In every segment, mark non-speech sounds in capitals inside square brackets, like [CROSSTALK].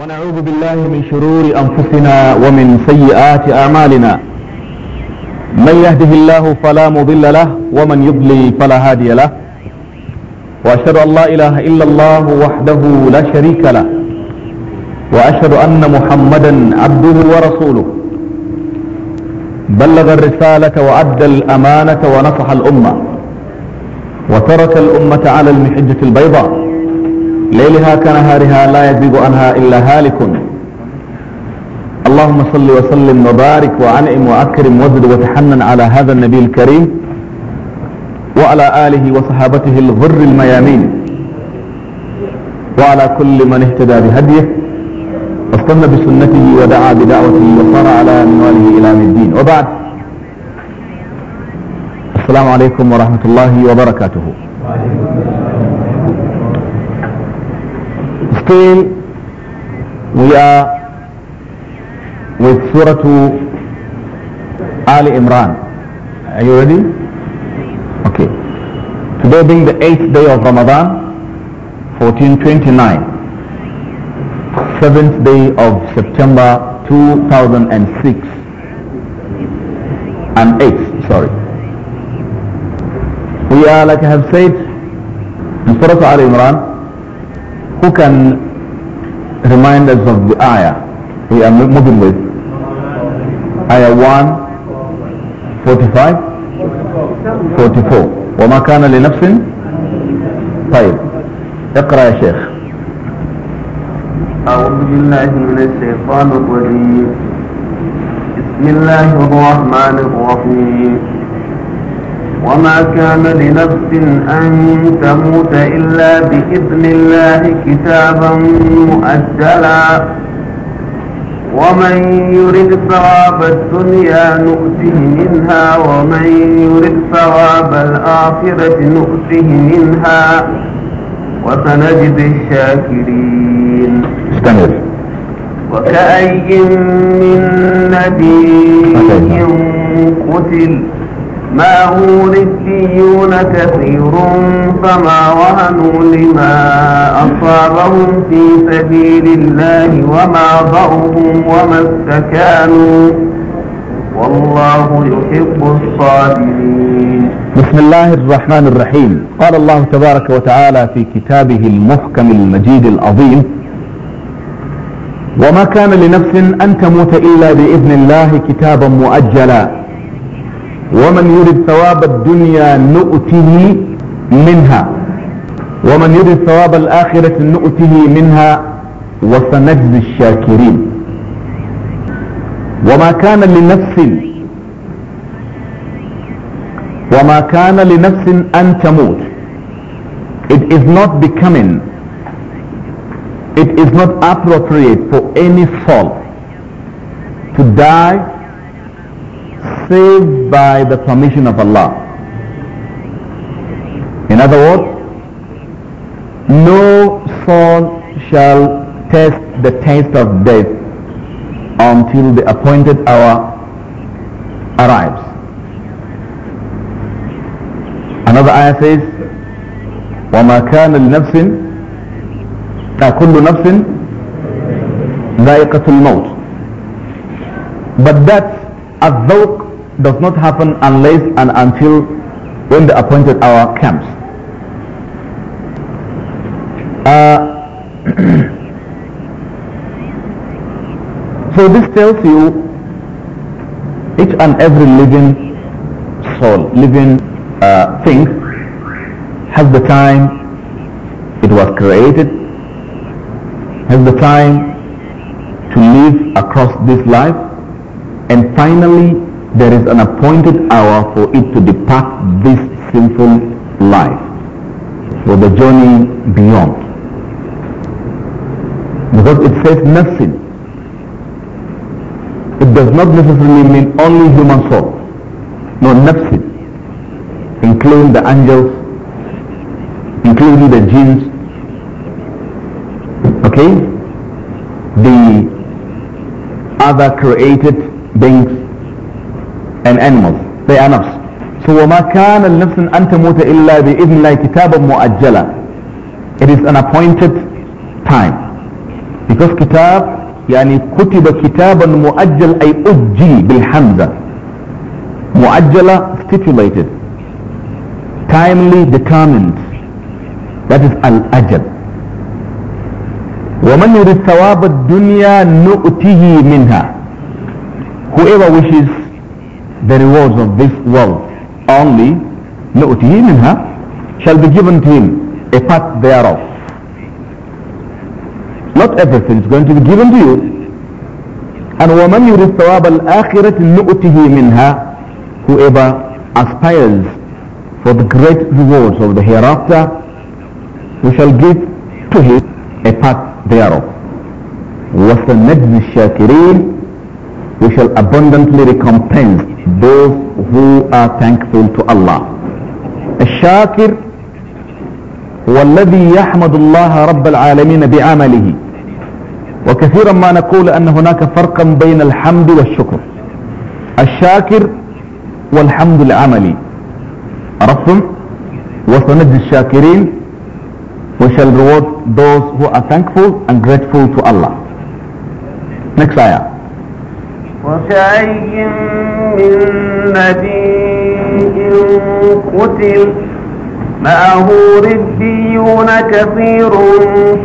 ونعوذ بالله من شرور أنفسنا ومن سيئات أعمالنا من يهده الله فلا مضل له ومن يضلل فلا هادي له وأشهد أن لا إله إلا الله وحده لا شريك له وأشهد أن محمدا عبده ورسوله بلغ الرسالة وأدى الأمانة ونصح الأمة وترك الأمة على المحجة البيضاء ليلها كنهارها لا يزيد عنها إلا هالك اللهم صل وسلم وبارك وعنئم وأكرم وزد وتحنن على هذا النبي الكريم وعلى آله وصحابته الغر الميامين وعلى كل من اهتدى بهديه واستنى بسنته ودعا بدعوته وصار على منواله إلى الدين وبعد السلام عليكم ورحمة الله وبركاته وعليكم we are with Surah Ali Imran. Are you ready? Okay. Today being the eighth day of Ramadan, 1429, seventh day of September 2006, and eighth, sorry. We are, like I have said, in Surah Al Imran, who can remind us of the ayah we are moving with? Ayah 1, 45, 44. وما كان لنفس طيب اقرأ يا شيخ أعوذ بالله من الشيطان الرجيم بسم الله الرحمن الرحيم وما كان لنفس أن تموت إلا بإذن الله كتابا مؤجلا ومن يرد ثواب الدنيا نؤته منها ومن يرد ثواب الآخرة نؤته منها وسنجد الشاكرين استمر وكأي من نبي قتل ما هو ربيون كثير فما وهنوا لما أصابهم في سبيل الله وما ضعهم وما استكانوا والله يحب الصابرين بسم الله الرحمن الرحيم قال الله تبارك وتعالى في كتابه المحكم المجيد العظيم وما كان لنفس أن تموت إلا بإذن الله كتابا مؤجلا ومن يرد ثواب الدنيا نؤته منها ومن يرد ثواب الآخرة نؤته منها وسنجزي الشاكرين وما كان لنفس وما كان لنفس أن تموت it is not becoming it is not appropriate for any soul to die saved by the permission of Allah. In other words, no soul shall taste the taste of death until the appointed hour arrives. Another ayah says, وَمَا كَانَ لِنَفْسٍ كل نفس ذائقة الموت but that الذوق does not happen unless and until when the appointed hour comes. Uh, [CLEARS THROAT] so this tells you each and every living soul, living uh, thing has the time it was created, has the time to live across this life, and finally there is an appointed hour for it to depart this sinful life for the journey beyond. Because it says nothing. It does not necessarily mean only human soul. No, nothing. Including the angels, including the jinns, okay? The other created beings and animals. They are nafs. So وَمَا an ta أَن illa إِلَّا بِإِذْنِ اللَّهِ كِتَابًا مُؤَجَّلًا It is an appointed time. Because kitab يعني كتب كتابا مؤجل أي أجل بالحمزة مؤجلة stipulated timely determined that is الأجل ومن يريد ثواب الدنيا نؤته منها whoever wishes the rewards of this world. Only نؤتيه منها shall be given to him a part thereof. Not everything is going to be given to you. And ومن يريد ثواب الآخرة نؤته منها whoever aspires for the great rewards of the hereafter we shall give to him a part thereof. وسنجزي الشاكرين we shall abundantly recompense those who are thankful to Allah. الشاكر هو الذي يحمد الله رب العالمين بعمله وكثيرا ما نقول أن هناك فرقا بين الحمد والشكر الشاكر والحمد العملي عرفتم وسنجزي الشاكرين we shall reward those who are thankful and grateful to Allah next ayah وكأي من نبي قتل معه ربيون كثير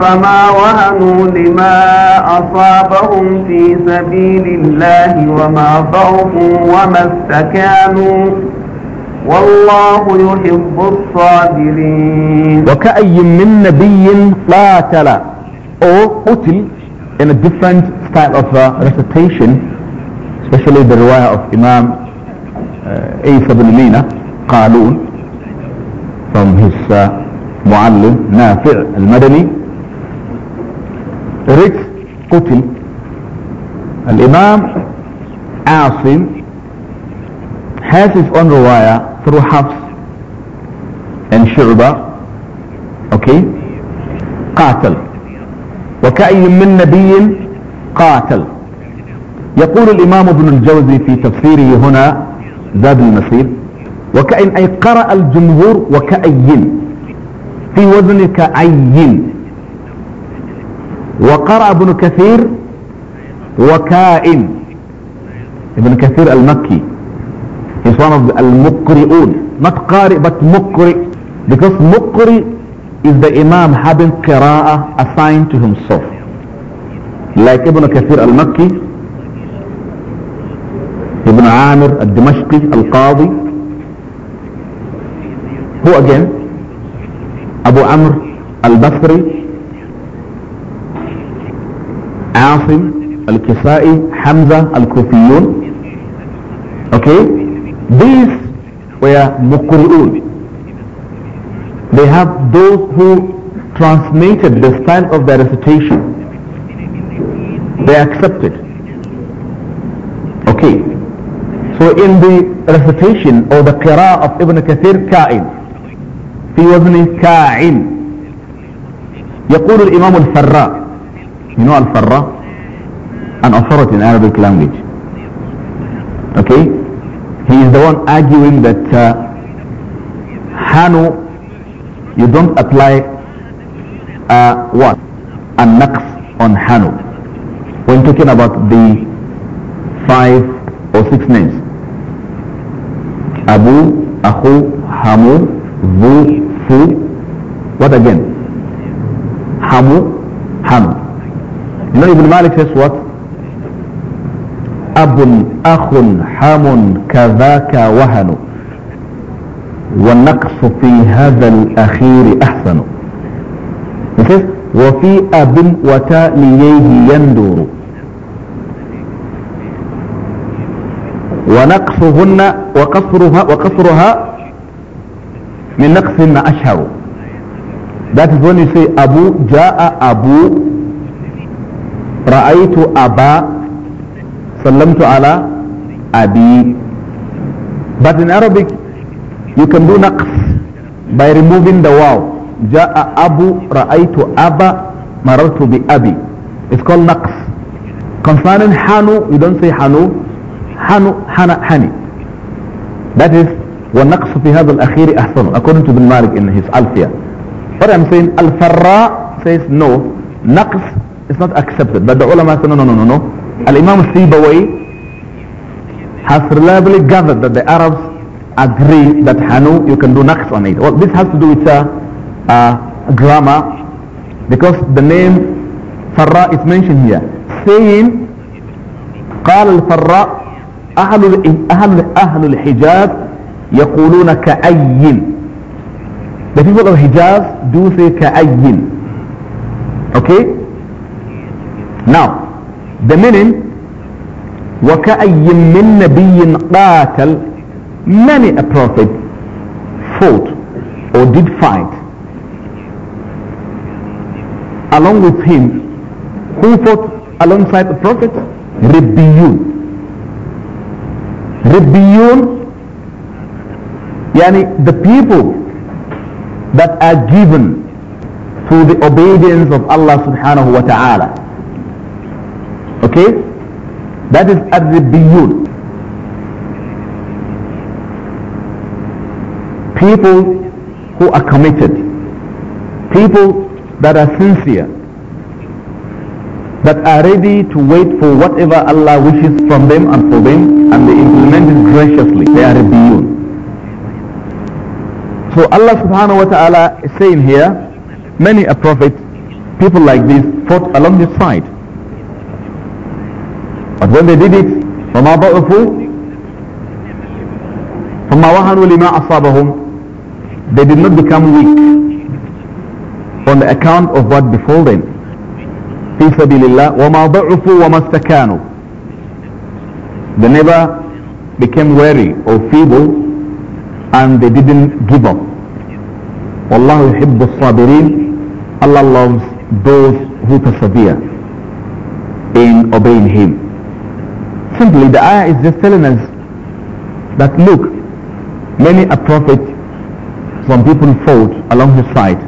فما وهنوا لما أصابهم في سبيل الله وما ضعفوا وما استكانوا والله يحب الصابرين وكأي من نبي قاتل أو قتل in a different style of uh, recitation especially the riwayah of Imam uh, Isa bin Mina Qalun from his uh, Muallim Nafi' al-Madani reads قتل الإمام عاصم has his own riwayah through Hafs and Shu'ba okay قاتل وكأي من نبي قاتل يقول الإمام ابن الجوزي في تفسيره هنا زاد المسير وكأن أي قرأ الجمهور وكأين في وزن كأين وقرأ ابن كثير وكائن ابن كثير المكي he's one of the المقرئون not قارئ but مقرئ because مقرئ is the imam having قراءة assigned to himself like ابن كثير المكي ابن عامر الدمشقي القاضي هو اجين Abu Amr al-Basri الكسائي al-Kisai Hamza al-Kufiyun okay these were they have those who transmitted the style of their recitation they accepted okay So in the recitation or the qira'ah of Ibn Kathir, كائن في وزن كاعن يقول الإمام الفراء You know الفراء? An authority in Arabic language. Okay? He is the one arguing that uh, Hanu, you don't apply uh, what? A naqs on Hanu. When talking about the five or six names. Abu, Akhu, Hamu, Zu, Fu. What again? Hamu, Ham. You know Ibn Malik says what? أب أخ حم كذاك wahanu والنقص في هذا الأخير أحسن وفي أب وتاليه يندور ونقفهن وقفرها وقفرها من نقفهن أشهر That is when you Abu جاء أبو رأيت أبا سلمت على أبي But in Arabic you can do نقف by removing the واو جاء أبو رأيت أبا مررت بأبي It's called نقف Concerning Hanu you don't say Hanu حنو حنا حني that is والنقص في هذا الأخير أحسن according to Ibn Malik in his Alfiya but I'm saying al says no نقص is not accepted but the ulama said no no no no no Al-Imam has reliably gathered that the Arabs agree that Hanu you can do naqs on it well this has to do with uh, uh, grammar because the name Farra is mentioned here saying قال الفراء أهل, أهل, أهل الحجاز يقولون كأي The people of Hijaz do say كأين Okay? Now, the meaning وكأي من نبي قاتل many a prophet fought or did fight along with him who fought alongside the prophet ربيون Ribbiyun, yani the people that are given to the obedience of Allah subhanahu wa ta'ala. Okay? That is Ar-Ribbiyun. People who are committed. People that are sincere that are ready to wait for whatever Allah wishes from them and for them and they implement it graciously. They are rebellion. So Allah subhanahu wa ta'ala is saying here, many a prophet, people like this fought along this side. But when they did it, وما ضعفوا فما وهنوا لما أصابهم They did not become weak on the account of what befell them. في سبيل الله وما ضعفوا وما استكانوا they never became weary or feeble and they didn't give up والله يحب الصابرين Allah loves those who persevere in obeying him simply the ayah is just telling us that look many a prophet some people fought along his side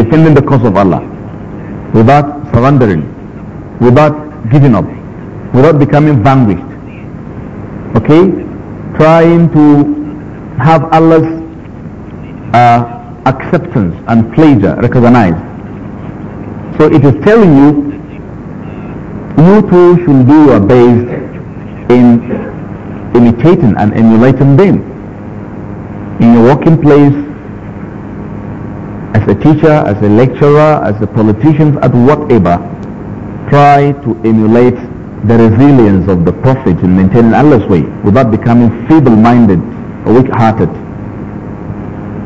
defending the cause of Allah without surrendering, without giving up, without becoming vanquished. Okay? Trying to have Allah's uh, acceptance and pleasure recognized. So it is telling you, you too should do your best in imitating and emulating them in your working place, as a teacher, as a lecturer, as a politician, at whatever, try to emulate the resilience of the Prophet in maintaining Allah's way without becoming feeble-minded or weak-hearted.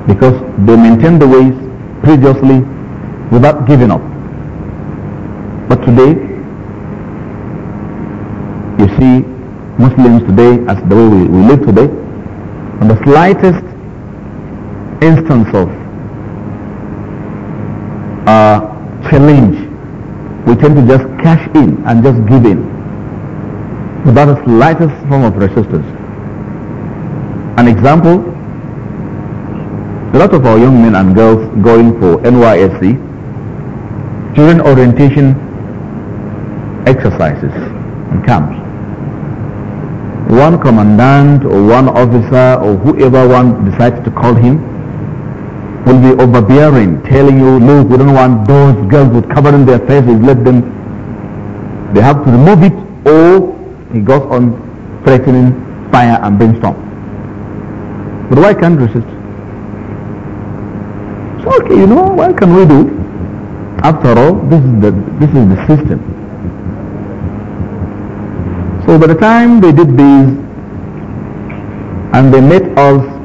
Because they maintained the ways previously without giving up. But today, you see Muslims today as the way we, we live today, on the slightest instance of challenge, we tend to just cash in and just give in without the slightest form of resistance. An example, a lot of our young men and girls going for NYSC, student orientation exercises and camps. One commandant or one officer or whoever one decides to call him will be overbearing, telling you, look, we don't want those girls with covering their faces, let them, they have to remove it, or he goes on threatening fire and brimstone. But why can't resist? So okay, you know, what can we do? After all, this is the, this is the system. So by the time they did this, and they met us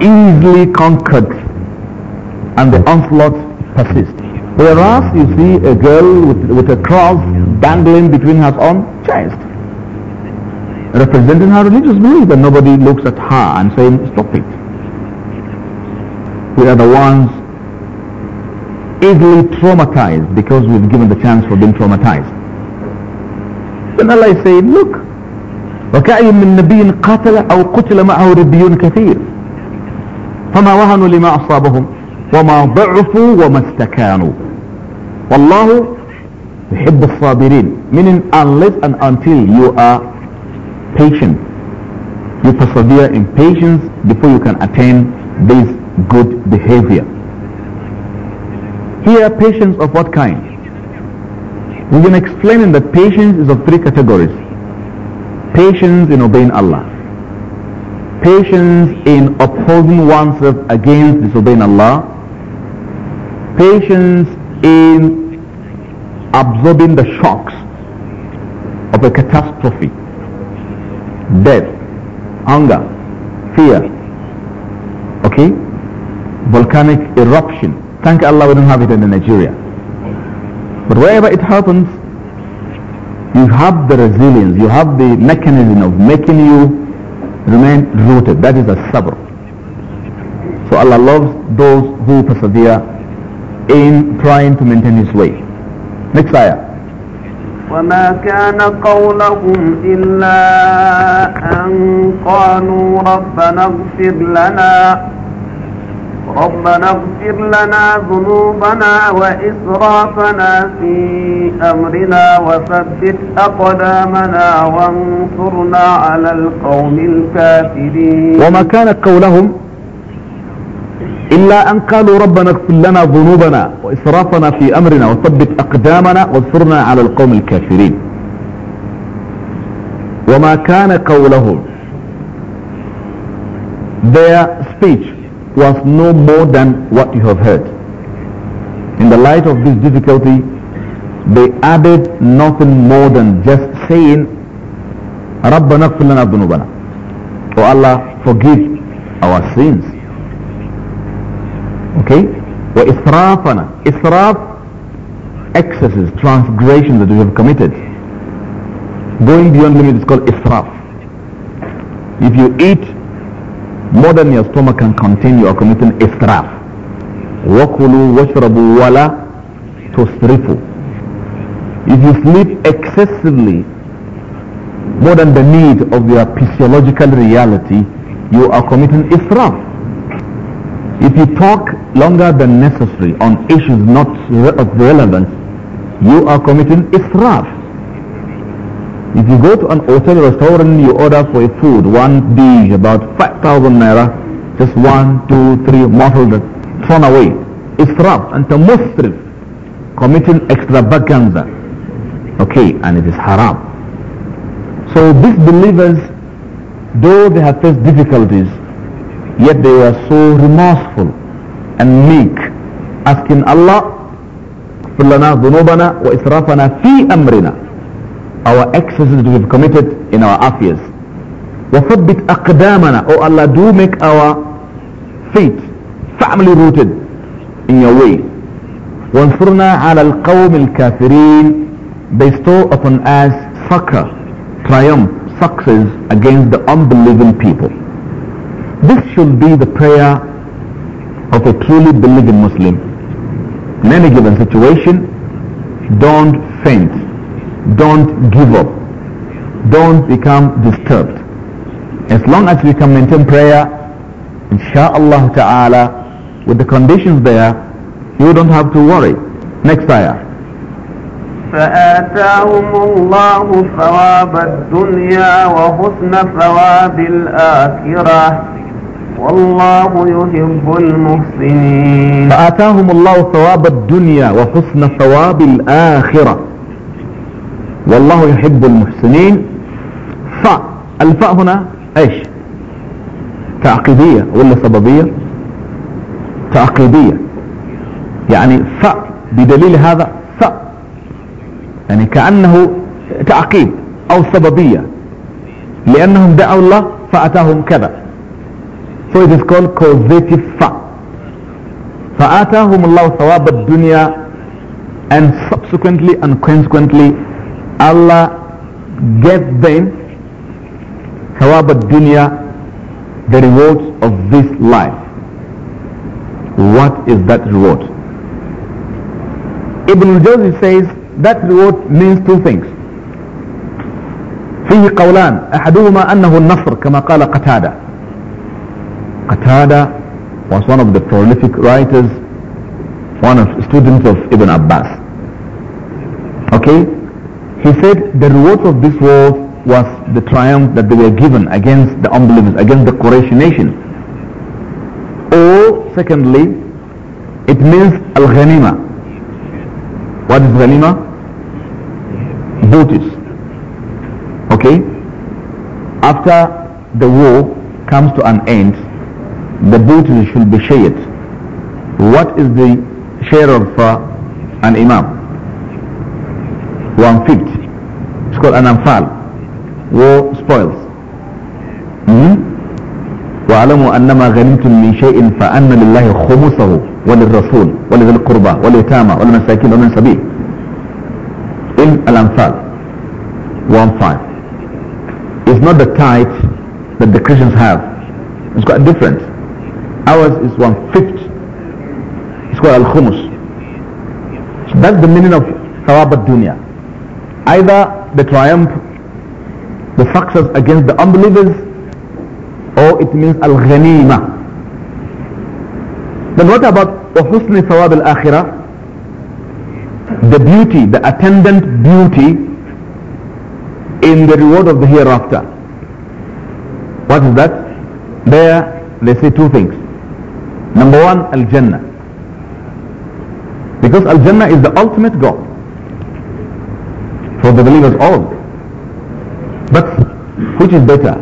easily conquered and the onslaught persists. Whereas you see a girl with, with a cross dangling between her own chest, representing her religious belief, and nobody looks at her and saying, stop it. We are the ones easily traumatized because we've given the chance for being traumatized. Then Allah is saying, look, وكأي من نبي قاتل أو قتل معه ربيون كثير فما وهنوا لما أصابهم وما ضعفوا وما استكانوا والله يحب الصابرين meaning unless and until you are patient you persevere in patience before you can attain this good behavior here patience of what kind we've been explaining that patience is of three categories patience in obeying Allah patience in opposing oneself against disobeying Allah, patience in absorbing the shocks of a catastrophe, death, hunger, fear, okay, volcanic eruption. Thank Allah we don't have it in Nigeria. But wherever it happens, you have the resilience, you have the mechanism of making you remain rooted. That is a sabr. So Allah loves those who persevere in trying to maintain His way. Next ayah. وما كان قولهم إلا أن قالوا ربنا اغفر لنا ربنا اغفر لنا ذنوبنا وإسرافنا في أمرنا وثبت أقدامنا وانصرنا على القوم الكافرين وما كان قولهم إلا أن قالوا ربنا اغفر لنا ذنوبنا وإسرافنا في أمرنا وثبت أقدامنا وانصرنا على القوم الكافرين وما كان قولهم their speech was no more than what you have heard. In the light of this difficulty, they added nothing more than just saying, رَبَّنَا لَنَا ذُنُوبَنَا O Allah, forgive our sins. Okay? وَإِسْرَافَنَا Israf, excesses, transgressions that we have committed. Going beyond limit is called israf. If you eat more than your stomach can contain, you are committing israf. وَكُلُوا وَاشْرَبُوا وَلَا تُسْرِفُوا If you sleep excessively, more than the need of your physiological reality, you are committing israf. If you talk longer than necessary on issues not of relevance, you are committing israf. If you go to an hotel restaurant, you order for a food, one dish, about 5,000 naira, just one, two, three, muffled, thrown away. It's and Tamustrif, committing extravaganza. Okay, and it is haram. So these believers, though they have faced difficulties, yet they were so remorseful and meek, asking Allah, فلنا ذنوبنا وإسرافنا في أمرنا our excesses we have committed in our affairs. وَثَبِّتْ أَقْدَامَنَا O Allah, do make our feet firmly rooted in your way. وَانْصُرْنَا عَلَى الْقَوْمِ الْكَافِرِينَ Bestow upon us succor, triumph, success against the unbelieving people. This should be the prayer of a truly believing Muslim. In any given situation, don't faint don't give up don't become disturbed as long as we can maintain prayer insha'Allah ta'ala with the conditions there you don't have to worry next ayah فآتاهم الله ثواب الدنيا وحسن ثواب الآخرة والله يحب المحسنين فآتاهم الله ثواب الدنيا وحسن ثواب الآخرة والله يحب المحسنين الفاء هنا ايش تعقيدية ولا سببية تعقيدية يعني ف بدليل هذا ف يعني كأنه تعقيد أو سببية لأنهم دعوا الله فأتاهم كذا so it is called causative فاء فآتاهم الله ثواب الدنيا and subsequently and consequently Allah gave them however dunya, the rewards of this life. What is that reward? Ibn Jawzi says that reward means two things. فيه قولان أحدهما أنه النصر كما قال قتادة قتادة was one of the prolific writers one of students of Ibn Abbas okay he said the reward of this world was the triumph that they were given against the unbelievers, against the Quraysh nation. Or secondly, it means al-ghanima. What is ghanima? Booties. Okay? After the war comes to an end, the booties should be shared. What is the share of uh, an imam? one fifth it's called an anfal war spoils واعلموا انما غنمتم من شيء فان لله خمسه وللرسول ولذي القربى واليتامى والمساكين ومن سبيل in الانفال one five it's not the tithe that the Christians have it's quite different ours is one fifth it's called al-khumus that's the meaning of ثواب الدنيا either the triumph, the success against the unbelievers, or it means al-ghanima. Then what about Sawab al akhirah, The beauty, the attendant beauty in the reward of the hereafter. What is that? There they say two things. Number one, Al-Jannah. Because Al-Jannah is the ultimate goal. for the believers all. But which is better?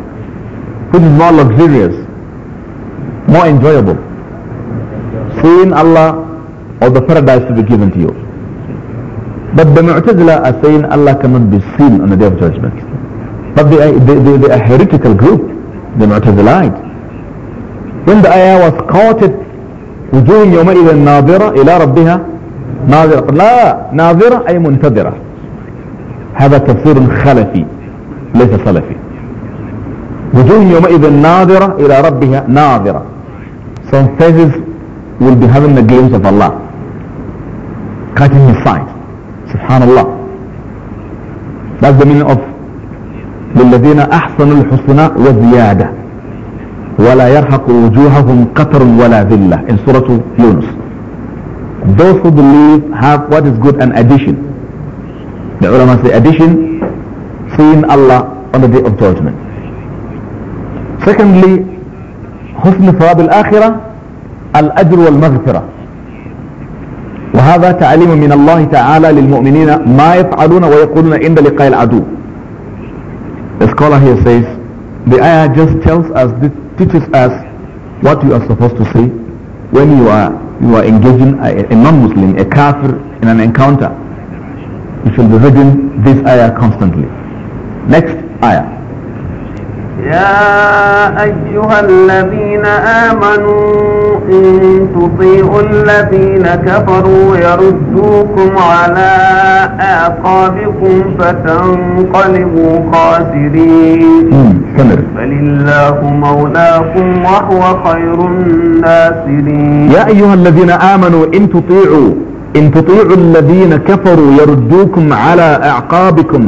Which is more luxurious? More enjoyable? Seeing Allah or the paradise to be given to you? But the Mu'tazila are saying Allah cannot be seen on the day of judgment. But they are, they, they, they are a heretical group, the Mu'tazilite. When the ayah was quoted, وجوه يومئذ ناظرة إلى ربها ناظرة لا ناظرة أي منتظرة هذا تفسير خلفي ليس سلفي وجوه يومئذ ناظرة إلى ربها ناظرة some faces will be having a glimpse of Allah cutting his sight subhanallah that's the meaning of للذين أحسنوا الحسنى وزيادة ولا يرهق وجوههم قطر ولا ذلة in Surah Yunus those who believe have what is good an addition The ulama say addition, seeing Allah on the day of judgment. Secondly, حسن ثواب الآخرة الأجر والمغفرة وهذا تعليم من الله تعالى للمؤمنين ما يفعلون ويقولون عند لقاء العدو The scholar here says the ayah just tells us this teaches us what you are supposed to say when you are you are engaging a, a non-Muslim, a kafir in an encounter You should be reading this ayah constantly. Next ayah. يا أيها الذين آمنوا إن تطيعوا الذين كفروا يردوكم على أعقابكم فتنقلبوا خاسرين hmm, بل الله مولاكم وهو خير الناصرين يا أيها الذين آمنوا إن تطيعوا إن تطيعوا الذين كفروا يردوكم على أعقابكم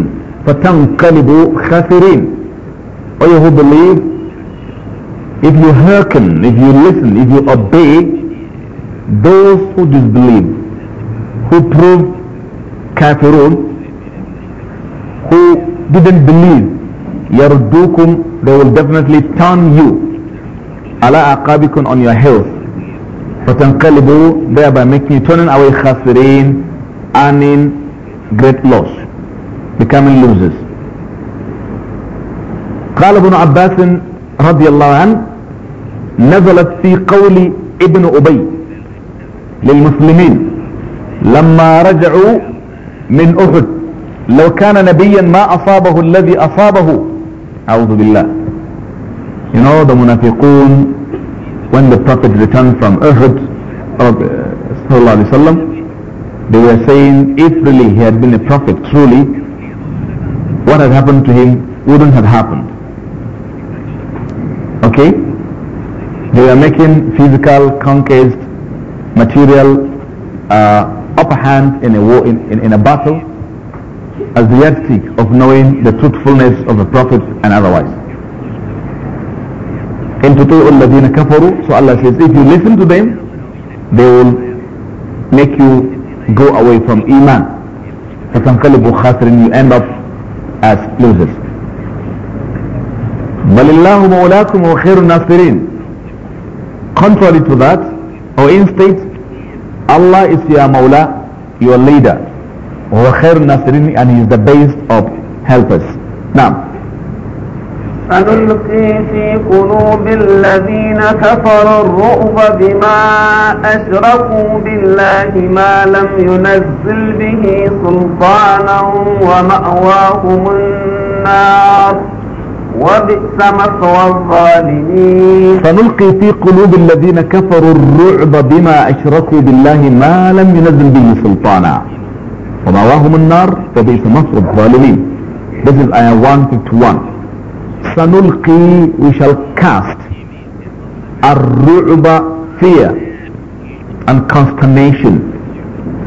فتنقلبوا خاسرين All you who believe, if you hearken, if you listen, if you obey, those who disbelieve, who prove kafirun, who didn't believe, يردوكم, they will definitely turn you على أعقابكم on your health وتنقلبوا بابا مكني تونن او خاسرين انين great loss becoming losers قال ابن عباس رضي الله عنه نزلت في قول ابن أبي للمسلمين لما رجعوا من أحد لو كان نبيا ما أصابه الذي أصابه أعوذ بالله You know the منافقون when the Prophet returned from Uhud, uh, they were saying if really he had been a prophet truly, what had happened to him wouldn't have happened. Okay? They were making physical, conquest, material uh, upper hand in a war, in, in, in a battle as the yardstick of knowing the truthfulness of a prophet and otherwise. إن تطيعوا الذين كفروا so Allah says if you listen to them they will make you go away from iman فتنقلبوا خاسرين you end up as losers بل الله مولاكم وخير الناصرين contrary to that or in state Allah is your مولا your leader وهو خير الناصرين and he is the best of helpers نعم فنلقي في قلوب الذين كفروا الرؤب بما أشركوا بالله ما لم ينزل به سلطانا ومأواهم النار وبئس مثوى الظالمين سنلقي في قلوب الذين كفروا الرعب بما أشركوا بالله ما لم ينزل به سلطانا ومأواهم النار فبئس مثوى الظالمين This is ayah 151 sanulqi we shall cast ru'ba fear and consternation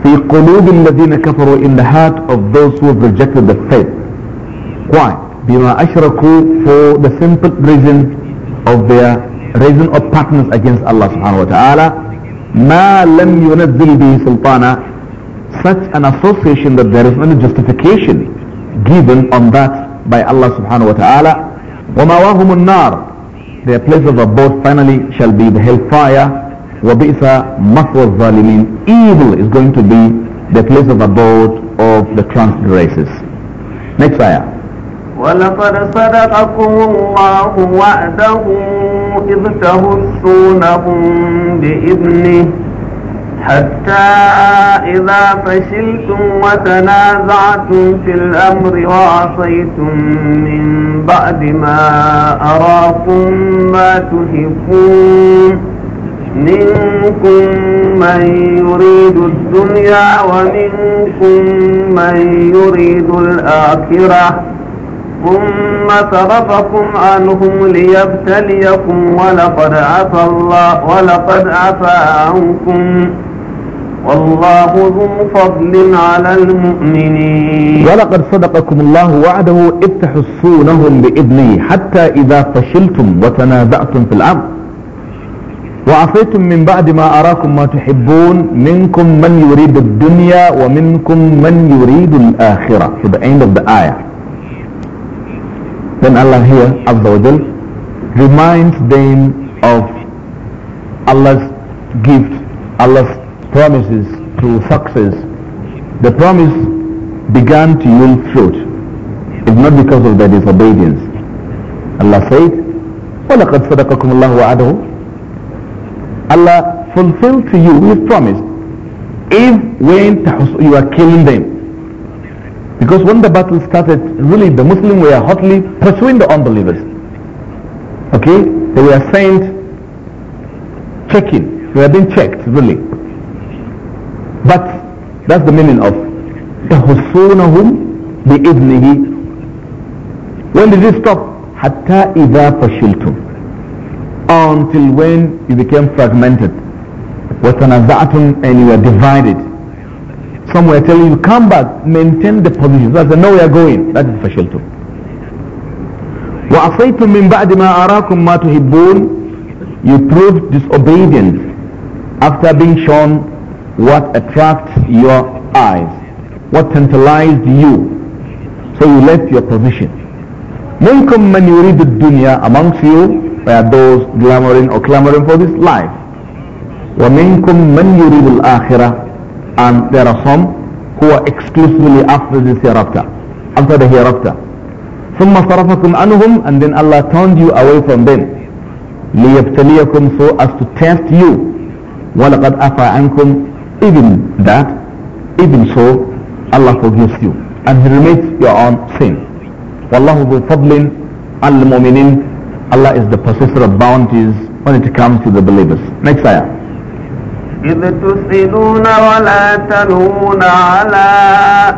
in the heart of those who have rejected the faith why بما أشركوا for the simple reason of their reason of partners against Allah subhanahu wa ta'ala ما لم ينزل به سلطانا such an association that there is no justification given on that by Allah subhanahu wa ta'ala وَمَوَاهُمُ النَّارِ Their place of abode finally shall be the hellfire. وَبِئْثَ مَثْوَ الظَّالِمِينَ Evil is going to be the place of abode of the transgressors. Next ayah. ولقد صدقكم الله وعده إذ تهسونهم بإذنه حتى إذا فشلتم وتنازعتم في الأمر وعصيتم من بعد ما أراكم ما تحبون منكم من يريد الدنيا ومنكم من يريد الآخرة ثم صرفكم عنهم ليبتليكم ولقد عفى الله ولقد عفى عنكم والله ذو فضل على المؤمنين ولقد صدقكم الله وعده إذ تحسونهم بإذنه حتى إذا فشلتم وتنازعتم في الامر وعصيتم من بعد ما أراكم ما تحبون منكم من يريد الدنيا ومنكم من يريد الآخرة في the end of the ayah Then Allah here, Azza wa Jal, reminds them of Allah's gift, Allah's promises to success. The promise began to yield fruit. It's not because of their disobedience. Allah said, وَلَقَدْ صَدَقَكُمُ اللَّهُ وَعَدَهُ Allah fulfilled to you his promise. If when you are killing them, because when the battle started, really the Muslims were hotly pursuing the unbelievers. Okay? They were sent checking. They were being checked, really. But that's the meaning of تَحُسُّونَهُمْ بِإِذْنِهِ When did it stop? حَتَّى إِذَا فَشِلْتُمْ Until when you became fragmented. وَتَنَزَعْتُمْ And you were divided. Somewhere telling you, come back, maintain the position. That's the no we are going. That is for too. وَعَصَيْتُم مِّن بَعْدِ مَا أَرَاكُم مَا تُحِبُّونَ You proved disobedience after being shown what attracts your eyes, what tantalized you. So you left your position. مِنْكُم مَّن يُرِيدُ الدُّنْيَا Amongst you are those glamoring or clamoring for this life. وَمِنْكُم مَّن يُرِيدُ الْآخِرَةِ and there are some who are exclusively after this hereafter, after the hereafter. ثم صرفكم عنهم and then Allah turned you away from them ليبتليكم so as to test you ولقد أفى عنكم even that even so Allah forgives you and He remits your own sin والله ذو فضل المؤمنين Allah is the possessor of bounties when it comes to the believers next ayah إذ تسعدون ولا تلون على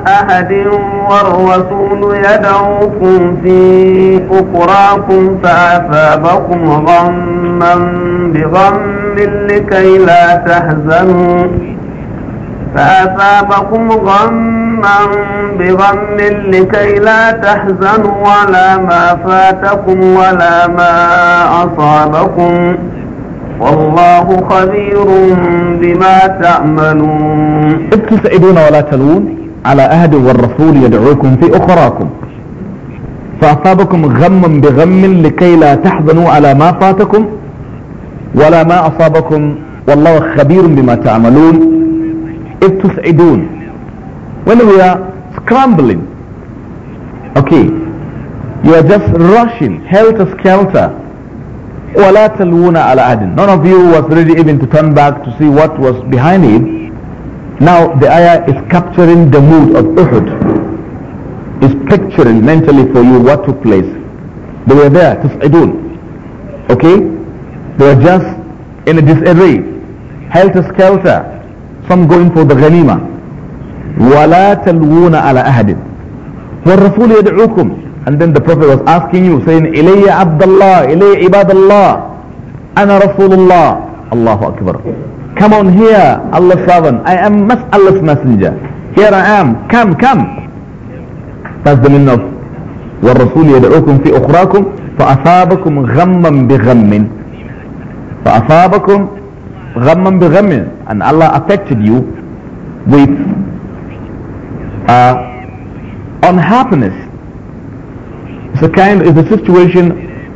أحد والرسول يدعوكم في أخراكم فأثابكم غما بغم لكي لا تحزنوا فأثابكم غما بغم لكي لا تحزنوا على ما فاتكم ولا ما أصابكم والله خبير بما تعملون إذ تسعدون ولا تلون على أهد والرسول يدعوكم في أخراكم فأصابكم غم بغم لكي لا تحزنوا على ما فاتكم ولا ما أصابكم والله خبير بما تعملون إذ تسعدون when we are scrambling okay you are just rushing helter-skelter وَلَا تَلْوُونَ عَلى أَدٍ None of you was ready even to turn back to see what was behind it. Now the ayah is capturing the mood of Uhud. Is picturing mentally for you what took place. They were there, تسعدون. Okay? They were just in a disarray. Helter-skelter. Some going for the ghanima. وَلَا تَلْوُونَ عَلى أَهَدٍ وَالرَّسُولُ يَدْعُوكُمْ And then the Prophet was asking you, saying, إِلَيَّ عَبْدَ اللَّهِ إِلَيَّ عِبَادَ اللَّهِ أَنَا رَسُولُ اللَّهِ Allahu Akbar. Come on here, Allah's servant. I am Allah's messenger. Here I am. Come, come. That's the meaning of وَالرَّسُولِ يَدْعُوكُمْ فِي أُخْرَاكُمْ فَأَثَابَكُمْ غَمًّا بِغَمٍّ فَأَثَابَكُمْ غَمًّا بِغَمٍّ And Allah affected you with uh, unhappiness the kind is the situation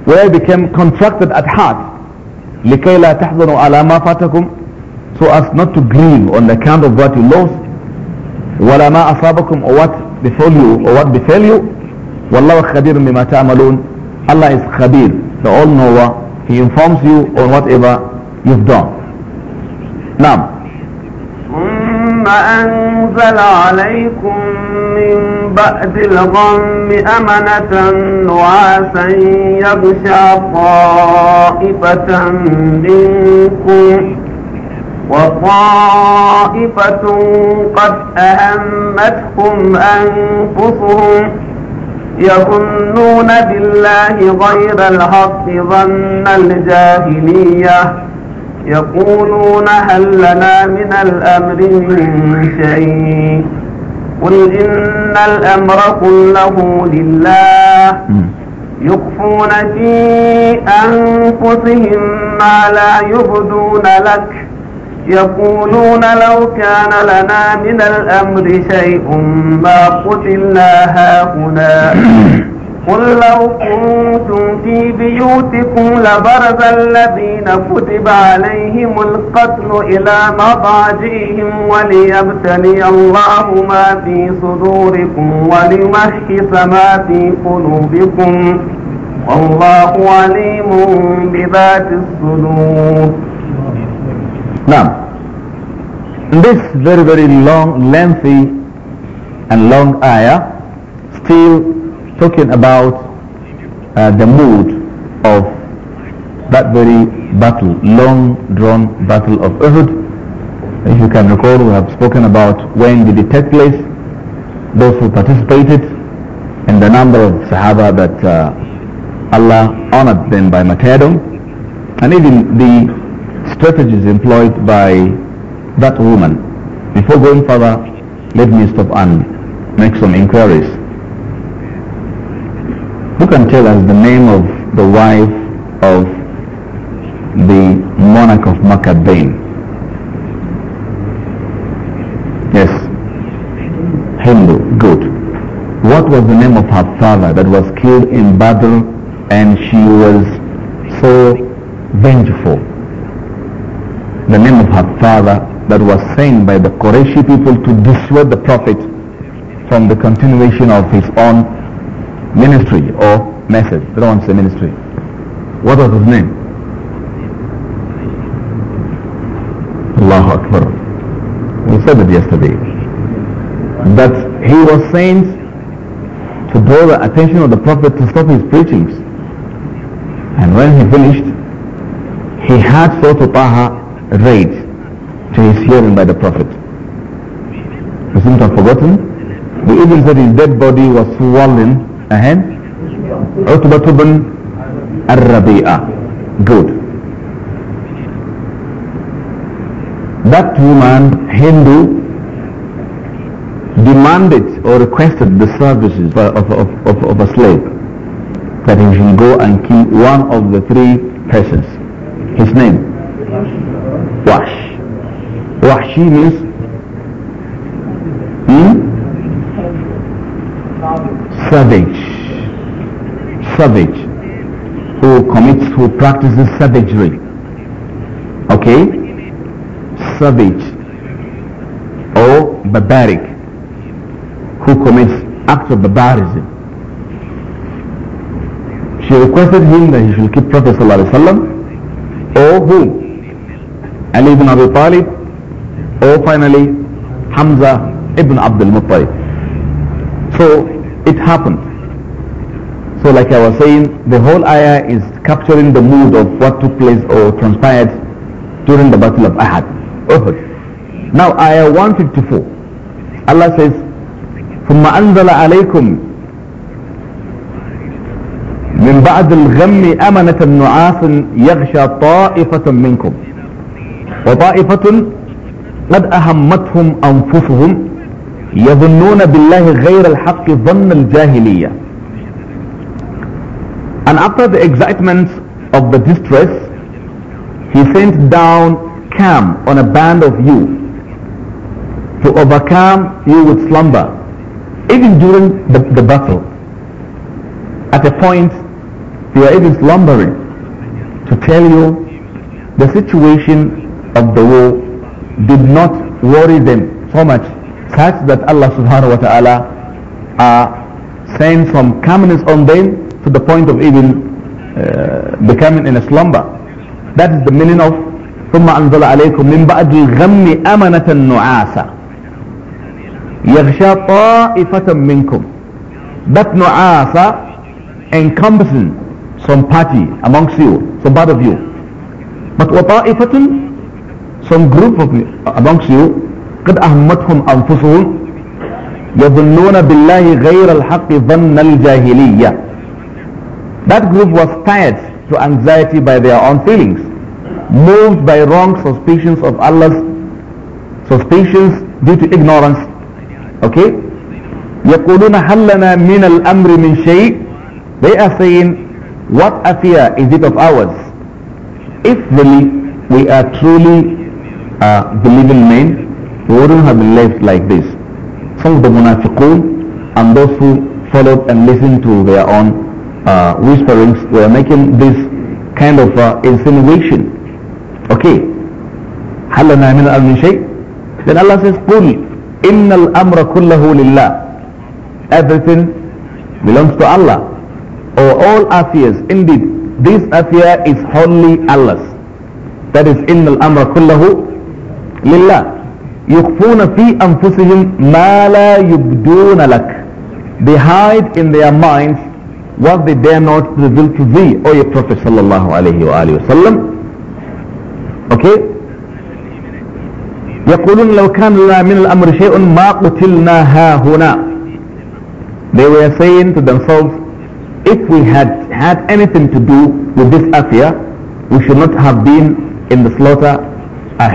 where they became contracted at heart لكي لا تحزنوا على ما فاتكم so as not to grieve on the account of what you lost ولا ما أصابكم or what befell you or what befell you والله خبير بما تعملون Allah is خبير the all knower he informs you on whatever you've done نعم ثم أنزل عليكم من بأس الغم أمنة نعاسا يغشى طائفة منكم وطائفة قد أهمتهم أنفسهم يظنون بالله غير الحق ظن الجاهلية يقولون هل لنا من الأمر من شيء قل إن الأمر كله لله يخفون في أنفسهم ما لا يبدون لك يقولون لو كان لنا من الأمر شيء ما قتلنا هاهنا [CLEARS THROAT] قل لو كنتم في بيوتكم لبرز الذين كتب عليهم القتل إلى مضاجعهم وليبتلي الله ما في صدوركم وليمحص ما في قلوبكم والله عليم بذات الصدور نعم This very very long lengthy and long ayah still talking about uh, the mood of that very battle, long drawn battle of Uhud. If you can recall, we have spoken about when did it take place, those who participated, and the number of Sahaba that uh, Allah honored them by martyrdom, and even the strategies employed by that woman. Before going further, let me stop and make some inquiries who can tell us the name of the wife of the monarch of Makkah Yes. Hindu. Good. What was the name of her father that was killed in battle and she was so vengeful? The name of her father that was sent by the Qurayshi people to dissuade the Prophet from the continuation of his own ministry or message. They don't want to say ministry. What was his name? Allahu Akbar. We said it yesterday. That he was sent to draw the attention of the Prophet to stop his preachings. And when he finished, he had Surah Taha read to his hearing by the Prophet. He seem to have forgotten. We even said his dead body was swollen ahem Utbah ibn al good that woman Hindu demanded or requested the services of, of, of, of a slave that he should go and kill one of the three persons his name Wash Wahshi means hmm? savage savage, who commits, who practices savagery. Okay? Savage or barbaric, who commits acts of barbarism. She requested him that he should keep Prophet ﷺ or who? Ali ibn Abi Talib or finally Hamza ibn Abdul Muttalib. So it happened. So like I was saying, the whole ayah is capturing the mood of what took place or transpired during the battle of Ahad, Uhud. Now ayah 154, Allah says, ثم أنزل عليكم من بعد الغم أمنة نعاس يغشى طائفة منكم وطائفة قد أهمتهم أنفسهم يظنون بالله غير الحق ظن الجاهلية And after the excitement of the distress, he sent down cam on a band of you to overcome you with slumber, even during the, the battle. At a point, you are even slumbering to tell you the situation of the war did not worry them so much such that Allah subhanahu wa ta'ala uh, sent some calmness on them to the point of even uh, becoming in a slumber. That is the meaning of ثم أنزل عليكم من بعد الغم أمنة نعاسة يغشى طائفة منكم That نعاسة encompassing some party amongst you, some part of you. But وطائفة some group of amongst you قد أهمتهم أنفسهم يظنون بالله غير الحق ظن الجاهلية That group was tied to anxiety by their own feelings, moved by wrong suspicions of Allah's suspicions due to ignorance. Okay? يقولون هل لنا من الأمر من شيء They are saying, what affair is it of ours? If really we are truly uh, believing men, we wouldn't have left like this. Some of the munafiqun and those who followed and listened to their own uh, whisperings, they uh, were making this kind of uh, insinuation. Okay. هل لنا من الأمر شيء? Then Allah says, قل إن الأمر كله لله. Everything belongs to Allah. Or all affairs. Indeed, this affair is wholly Allah's. That is, إن الأمر كله لله. يخفون في أنفسهم ما لا يبدون لك. They hide in their minds what they dare not reveal to thee, O ye Prophet sallallahu alayhi wa alayhi wa sallam. Okay? يقولون لو كان لنا من الأمر شيء ما قتلنا They were saying to themselves, if we had had anything to do with this affair, we should not have been in the slaughter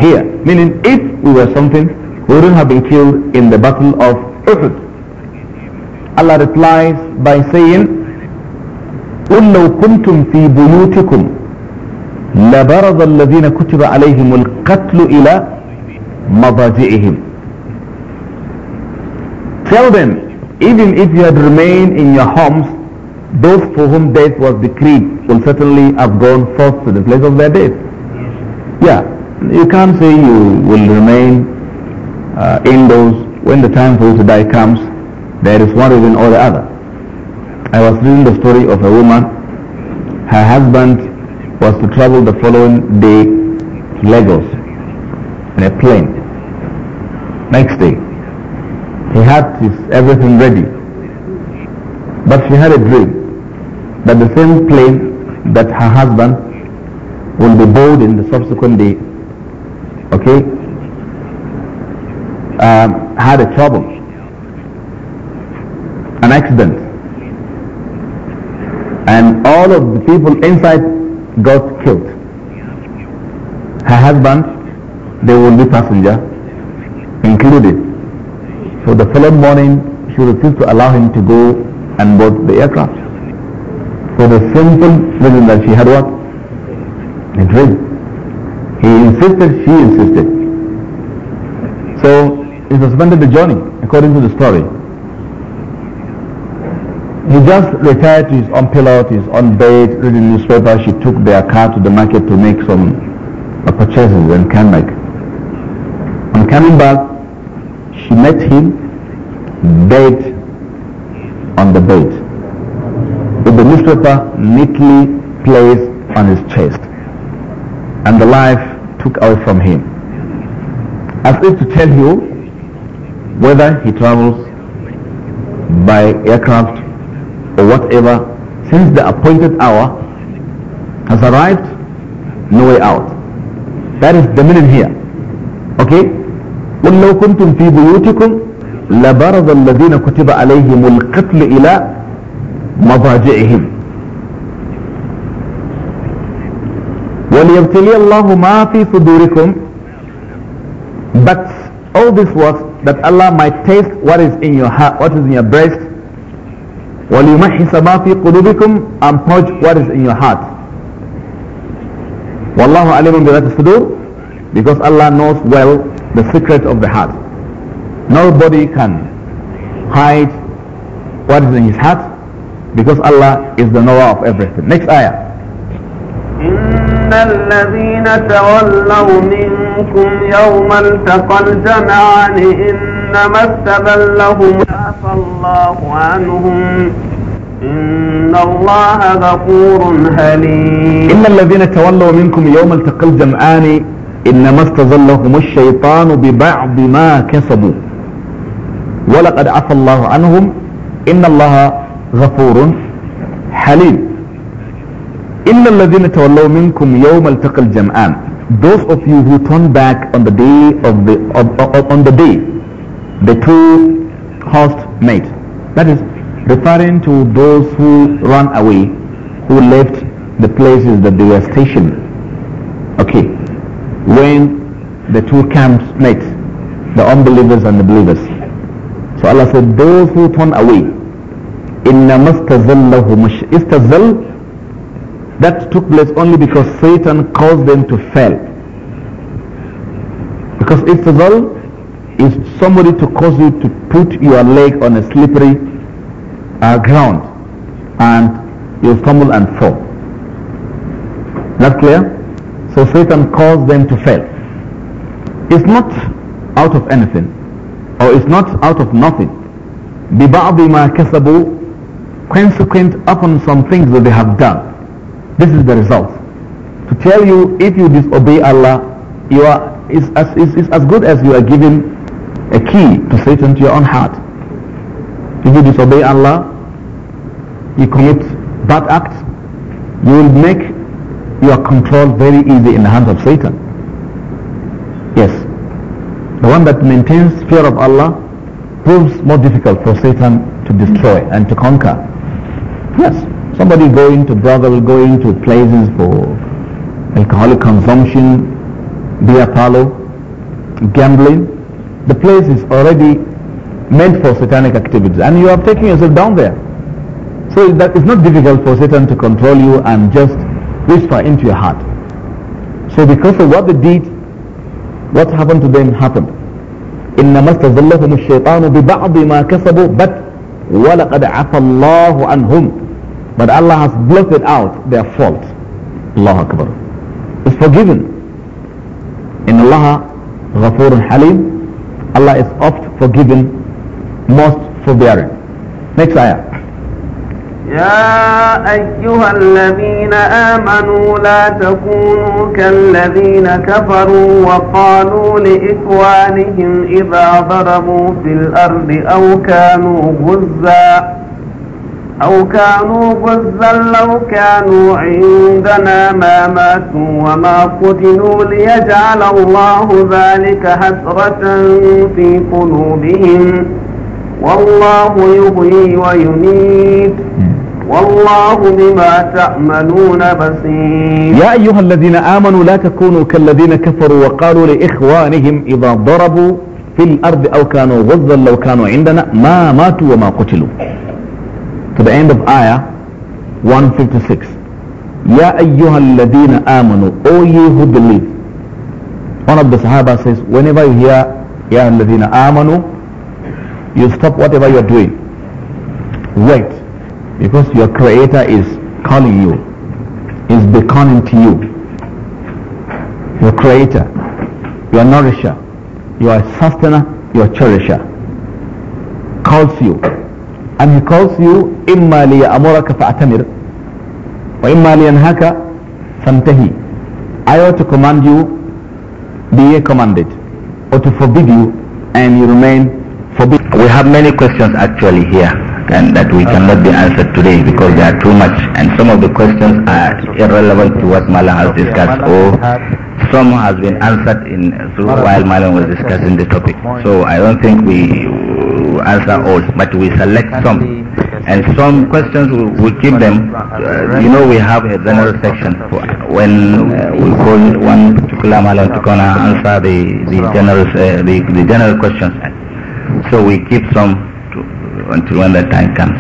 here. Meaning, if we were something, we wouldn't have been killed in the battle of Uhud. Allah replies by saying, قل لو كنتم في بيوتكم لبرز الذين كتب عليهم القتل إلى مضاجعهم Tell them, even if you had remained in your homes, those for whom death was decreed will certainly have gone forth to the place of their death. Yeah, you can't say you will remain uh, indoors when the time for you to die comes. There is one reason or the other. I was reading the story of a woman. Her husband was to travel the following day to Lagos in a plane. Next day, he had his everything ready. But she had a dream that the same plane that her husband will be in the subsequent day, okay, um, had a trouble, an accident and all of the people inside got killed. Her husband, the only passenger, included. So the following morning, she refused to allow him to go and board the aircraft. For the simple reason that she had what? A dream. He insisted, she insisted. So he suspended the journey, according to the story. He just retired to his own pillow, to his own bed, reading newspaper. She took their car to the market to make some uh, purchases and came back. On coming back, she met him dead on the bed with the newspaper neatly placed on his chest. And the life took away from him. As if to tell you whether he travels by aircraft or whatever, since the appointed hour has arrived, no way out. That is the meaning here. Okay? وَلَوْ كنتم في بيوتكم لبرز الذين كتب عليهم القتل إلى مضاجعهم وليبتلي الله ما في صدوركم but all this was that Allah might taste what is in your heart, what is in your breast وَلِيُمَحِّسَ مَا فِي قُلُوبِكُمْ And purge what is in your heart. وَاللَّهُ عَلِيمٌ بِذَاتِ الصُّدُورِ Because Allah knows well the secret of the heart. Nobody can hide what is in his heart because Allah is the knower of everything. Next ayah. إن الذين تولوا منكم يوم التقى الجمعان إن جهنم السبل لهم عفى الله عنهم إن الله غفور حليم إن الذين تولوا منكم يوم التقى الجمعان إنما استظلهم الشيطان ببعض ما كسبوا ولقد عفى الله عنهم إن الله غفور حليم إن الذين تولوا منكم يوم التقى الجمعان those of you who turn back on the day of the of, of, on the day the two host mates. That is referring to those who ran away, who left the places that they were stationed. Okay, when the two camps met, the unbelievers and the believers. So Allah said, those who turn away, إِنَّمَا اسْتَزَلَّهُمُ استزل, That took place only because Satan caused them to fail. Because istazal is somebody to cause you to put your leg on a slippery uh, ground and you stumble and fall. That clear? So Satan caused them to fail. It's not out of anything or it's not out of nothing. بِبَعْضِ consequent upon some things that they have done. This is the result. To tell you if you disobey Allah, you are is as, is, is as good as you are giving a key to Satan to your own heart. If you disobey Allah, you commit bad acts, you will make your control very easy in the hands of Satan. Yes. The one that maintains fear of Allah proves more difficult for Satan to destroy and to conquer. Yes. Somebody going to brother will go into places for alcoholic consumption, beer parlor, gambling, the place is already meant for satanic activities and you are taking yourself down there. So that it's not difficult for Satan to control you and just whisper into your heart. So because of what they did, what happened to them happened. إنما استزلهم الشيطان ببعض ما كسبوا but ولقد عفى الله عنهم but Allah has blotted out their fault الله أكبر is forgiven إن الله غفور حليم Allah is oft forgiving, most forbearing. Next ayah. يا أيها الذين آمنوا لا تكونوا كالذين كفروا وقالوا لإخوانهم إذا ضربوا في الأرض أو كانوا غزاً أو كانوا غزا لو كانوا عندنا ما ماتوا وما قتلوا ليجعل الله ذلك حسرة في قلوبهم والله يغني ويميت والله بما تعملون بصير يا أيها الذين آمنوا لا تكونوا كالذين كفروا وقالوا لإخوانهم إذا ضربوا في الأرض أو كانوا غزا لو كانوا عندنا ما ماتوا وما قتلوا to the end of ayah 156. Ya ayyuhal ladina amanu, O ye who believe. One of the Sahaba says, whenever you hear Ya ladina amanu, you stop whatever you are doing. Wait, because your Creator is calling you, is beckoning to you. Your Creator, your nourisher, your sustainer, your cherisher calls you and he calls you إما ليأمرك فأتمر وإما لينهاك فانتهي I ought to command you be commanded or to forbid you and you remain forbidden. We have many questions actually here and that we cannot be answered today because they are too much and some of the questions are irrelevant to what Mala has discussed or some has been answered in through while Malan was discussing the topic. So I don't think we answer all, but we select some. And some questions we, we keep them. Uh, you know, we have a general section when uh, we call one particular malam to answer the the general uh, the, the general questions. So we keep some to, until when the time comes.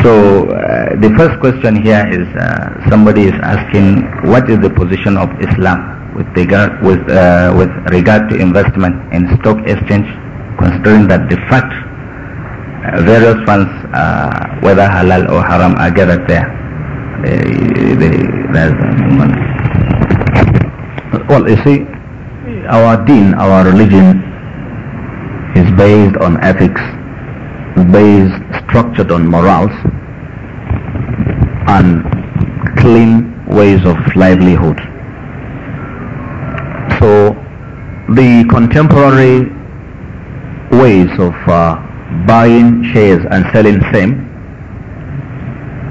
So uh, the first question here is uh, somebody is asking what is the position of Islam with regard with uh, with regard to investment in stock exchange considering that the fact uh, various funds, uh, whether halal or haram, are gathered there. Uh, well, you see, our deen, our religion is based on ethics, based, structured on morals, and clean ways of livelihood. So the contemporary ways of uh, buying shares and selling them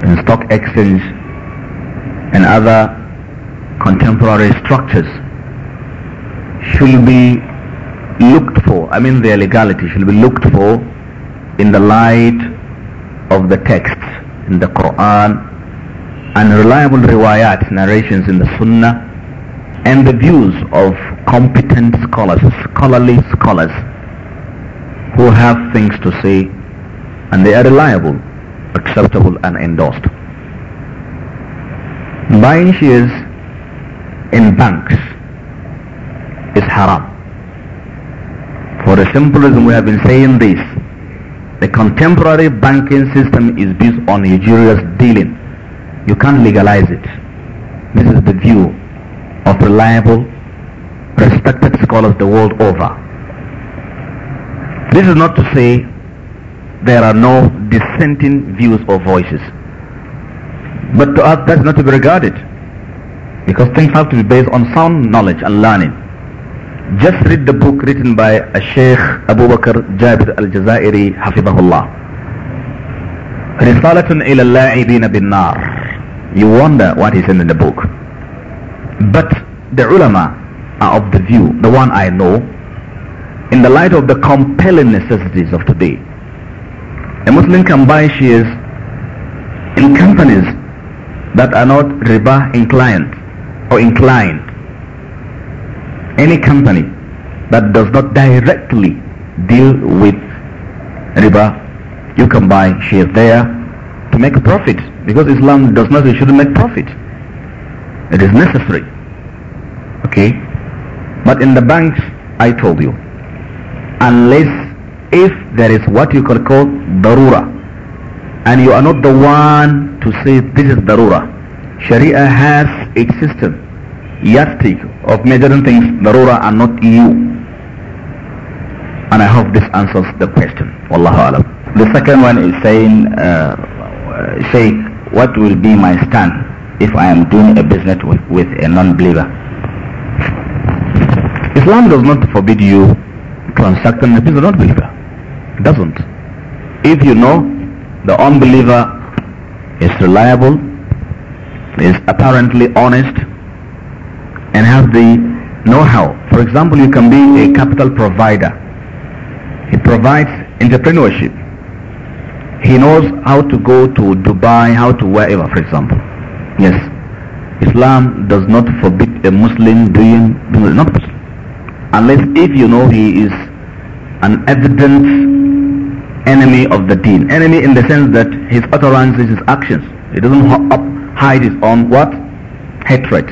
in stock exchange and other contemporary structures should be looked for, I mean their legality should be looked for in the light of the texts in the Quran and reliable riwayat narrations in the Sunnah and the views of competent scholars, scholarly scholars who have things to say and they are reliable, acceptable and endorsed. Buying shares in banks is haram. For the simple reason we have been saying this, the contemporary banking system is based on usurious dealing. You can't legalize it. This is the view of reliable, respected scholars the world over. This is not to say there are no dissenting views or voices. But to us, that's not to be regarded. Because things have to be based on sound knowledge and learning. Just read the book written by a Sheikh Abu Bakr Jabir al-Jazairi, Hafibahullah. رسالة إلى اللاعبين nar You wonder what is in the book. But the ulama are of the view, the one I know, in the light of the compelling necessities of today. A Muslim can buy shares in companies that are not riba inclined or inclined. Any company that does not directly deal with riba, you can buy shares there to make a profit because Islam does not, it shouldn't make profit. It is necessary. Okay? But in the banks, I told you, unless if there is what you can call darura and you are not the one to say this is darura sharia has its system yastik of measuring things darura are not you and i hope this answers the question wallahu alam the second one is saying uh, sheikh what will be my stand if i am doing a business with, with a non-believer islam does not forbid you transacting with the non-believer. Doesn't. If you know the unbeliever is reliable, is apparently honest, and has the know-how. For example, you can be a capital provider. He provides entrepreneurship. He knows how to go to Dubai, how to wherever, for example. Yes. Islam does not forbid a Muslim doing, not Muslim unless if you know he is an evident enemy of the deen. Enemy in the sense that his utterances, his actions, he doesn't hide his own what? Hatred.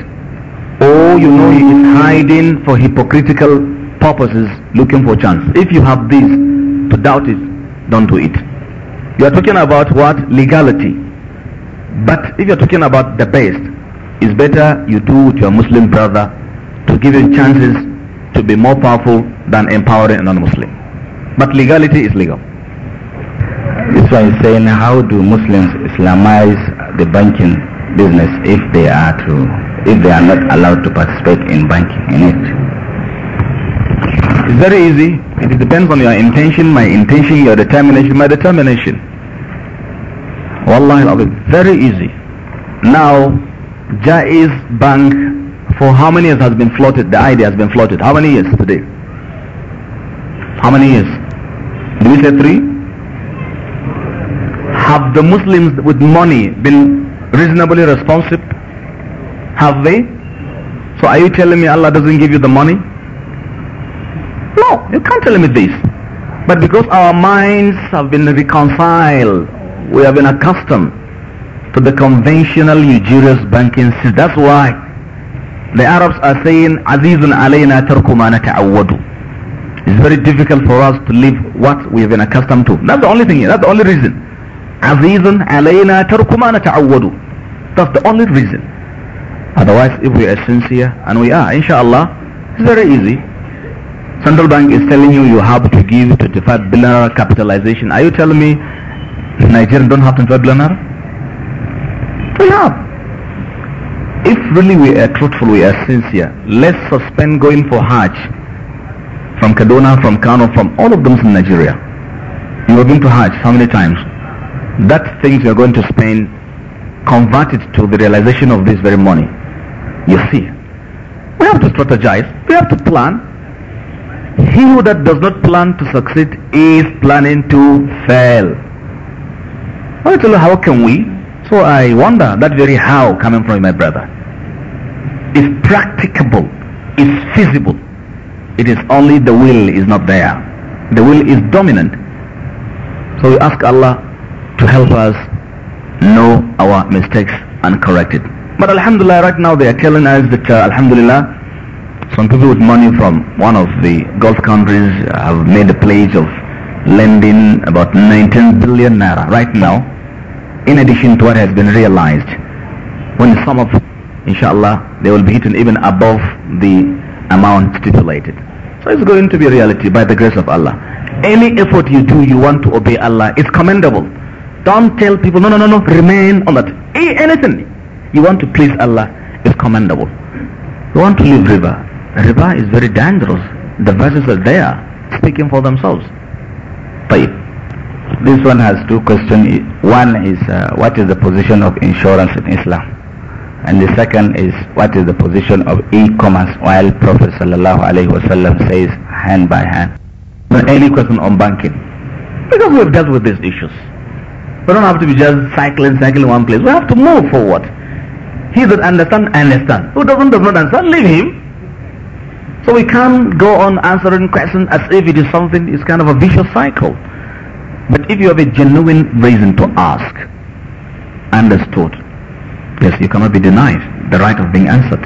Or oh, you know he is hiding for hypocritical purposes, looking for chance. If you have this, to doubt it, don't do it. You are talking about what? Legality. But if you're talking about the best, it's better you do with your Muslim brother to give him chances to be more powerful than empowering a non-Muslim. But legality is legal. This one is saying how do Muslims Islamize the banking business if they are to if they are not allowed to participate in banking in it? It's very easy. It depends on your intention, my intention, your determination, my determination. Wallahi, very easy. Now, Jaiz Bank for how many years has been floated? The idea has been floated. How many years today? How many years? Do we say three? Have the Muslims with money been reasonably responsive? Have they? So are you telling me Allah doesn't give you the money? No, you can't tell me this. But because our minds have been reconciled, we have been accustomed to the conventional usurious banking system. That's why the Arabs are saying, Azizun alayna tarku ma nata'awwadu. It's very difficult for us to leave what we have been accustomed to. That's the only thing, that's the only reason. Azizun alayna tarku ma nata'awwadu. That's the only reason. Otherwise, if we are sincere, and we are, inshallah, it's very easy. Central Bank is telling you you have to give 25 billion capitalization. Are you telling me Nigerians don't have 25 billion? We have if really we are truthful, we are sincere, let's suspend going for Hajj from Kaduna, from Kano, from all of them in Nigeria. You have been to Hajj how many times? That things you are going to spend, convert it to the realization of this very money. You see, we have to strategize, we have to plan. He who that does not plan to succeed is planning to fail. I tell you, how can we so I wonder that very how coming from my brother is practicable, is feasible. It is only the will is not there. The will is dominant. So we ask Allah to help us know our mistakes and correct it. But Alhamdulillah, right now they are telling us that uh, Alhamdulillah, some people with money from one of the Gulf countries have made a pledge of lending about 19 billion naira right now in addition to what has been realized. When some of, inshallah, they will be hitting even above the amount stipulated. So it's going to be reality by the grace of Allah. Any effort you do, you want to obey Allah, it's commendable. Don't tell people, no, no, no, no, remain on that. Eh, anything you want to please Allah is commendable. You want to leave riba. Riba is very dangerous. The verses are there, speaking for themselves. طيب this one has two questions. One is uh, what is the position of insurance in Islam? And the second is what is the position of e-commerce while Prophet sallallahu says hand by hand. No, any question on banking? Because we've dealt with these issues. We don't have to be just cycling, cycling one place. We have to move forward. He that understand. understand. Who doesn't does not understand, leave him. So we can't go on answering questions as if it is something, it's kind of a vicious cycle. But if you have a genuine reason to ask, understood, yes, you cannot be denied the right of being answered.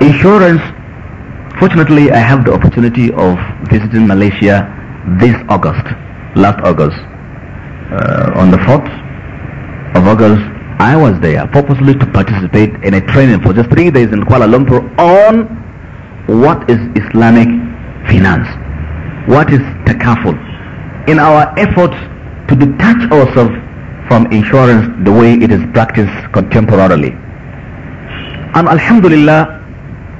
Insurance, fortunately, I have the opportunity of visiting Malaysia this August, last August. Uh, on the 4th of August, I was there purposely to participate in a training for just three days in Kuala Lumpur on what is Islamic finance, what is takaful, in our efforts to detach ourselves from insurance the way it is practiced contemporarily. And Alhamdulillah,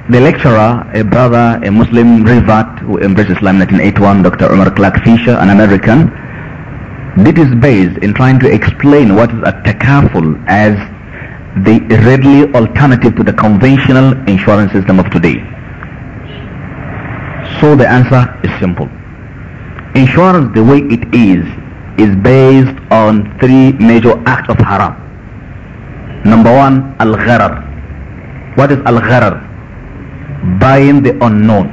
the lecturer, a brother, a Muslim revert who embraced Islam in 1981, Dr. Omar Clark Fisher, an American, did his best in trying to explain what is a takaful as the readily alternative to the conventional insurance system of today. So the answer is simple. Insurance the way it is, is based on three major acts of haram. Number one, al-gharar. What is al-gharar? Buying the unknown.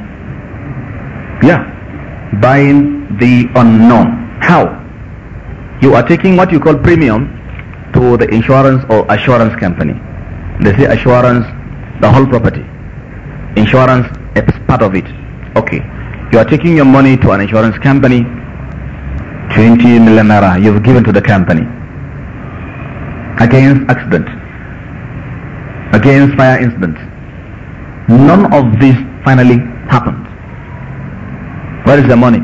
Yeah, buying the unknown. How? You are taking what you call premium to the insurance or assurance company. They say assurance, the whole property. Insurance is part of it. Okay. You are taking your money to an insurance company, 20 million naira you've given to the company against accident, against fire incident. None of this finally happened. Where is the money?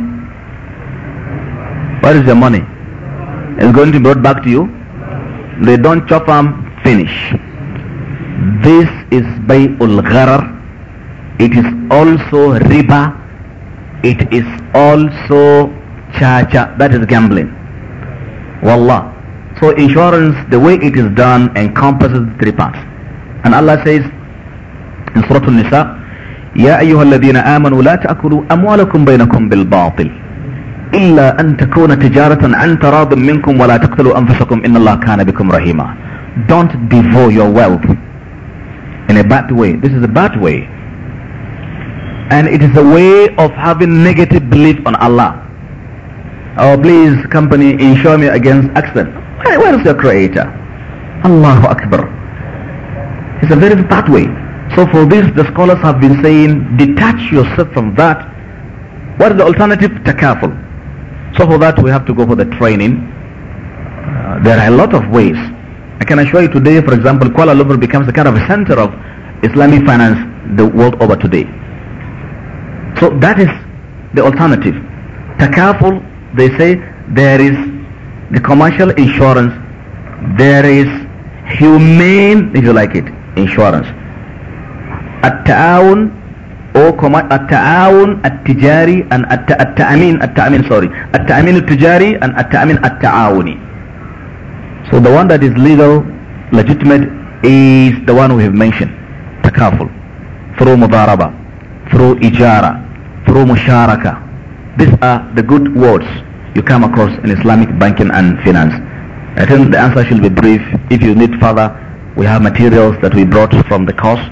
Where is the money? It's going to be brought back to you. They don't chop them, finish. This is bay'ul gharar. It is also riba it is also cha-cha, that is gambling. Wallah. So insurance, the way it is done, encompasses three parts. And Allah says in Surah Al-Nisa, يا أيها الذين آمنوا لا تأكلوا أموالكم بينكم بالباطل إلا أن تكون تجارة عن تراض منكم ولا تقتلوا أنفسكم إن الله كان بكم رحيما Don't devour your wealth in a bad way. This is a bad way and it is a way of having negative belief on Allah. Oh, please, company, insure me against accident. Where, where is your creator? Allahu Akbar. It's a very bad way. So for this, the scholars have been saying, detach yourself from that. What is the alternative? Takaful. So for that, we have to go for the training. Uh, there are a lot of ways. I can assure you today, for example, Kuala Lumpur becomes a kind of a center of Islamic finance the world over today. So that is the alternative. Takaful, they say, there is the commercial insurance, there is humane, if you like it, insurance. At-ta'awun or at-ta'awun at-tijari and at-ta'amin, at-ta'amin, sorry, at-ta'amin at-tijari and at-ta'amin at-ta'awuni. So the one that is legal, legitimate, is the one we have mentioned, takaful, through mudaraba through ijara, through musharaka. These are the good words you come across in Islamic banking and finance. I think the answer should be brief. If you need further, we have materials that we brought from the course.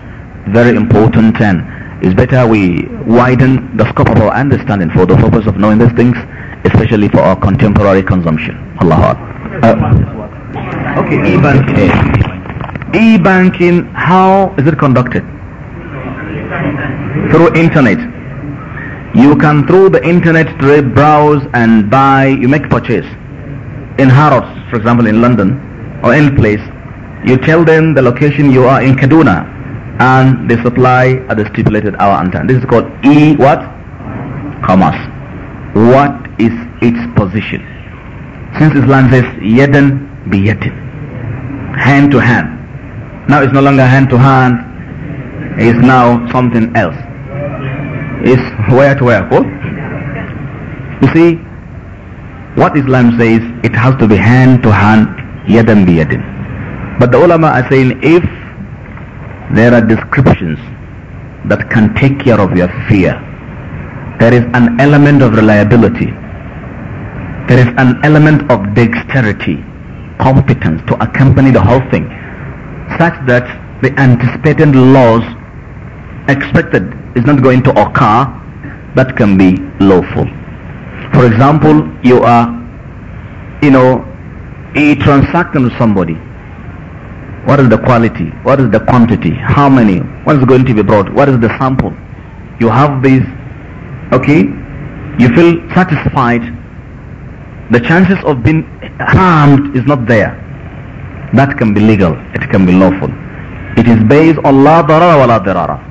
Very important and it's better we widen the scope of our understanding for the purpose of knowing these things, especially for our contemporary consumption. Allah. Uh, okay, e-banking. E-banking, how is it conducted? through internet. You can through the internet browse and buy, you make purchase. In Harrods, for example, in London or any place, you tell them the location you are in Kaduna and they supply at the stipulated hour and time. This is called e what? Commerce. What is its position? Since Islam says yadan bi hand to hand. Now it's no longer hand to hand, it's now something else is where to where? Oh? You see, what Islam says, it has to be hand to hand, yadam bi yadin. But the ulama are saying if there are descriptions that can take care of your fear, there is an element of reliability, there is an element of dexterity, competence to accompany the whole thing, such that the anticipated laws expected is not going to occur that can be lawful. For example, you are, you know, a transaction with somebody. What is the quality? What is the quantity? How many? What is going to be brought? What is the sample? You have these, okay? You feel satisfied. The chances of being harmed is not there. That can be legal. It can be lawful. It is based on la darara wa la darara.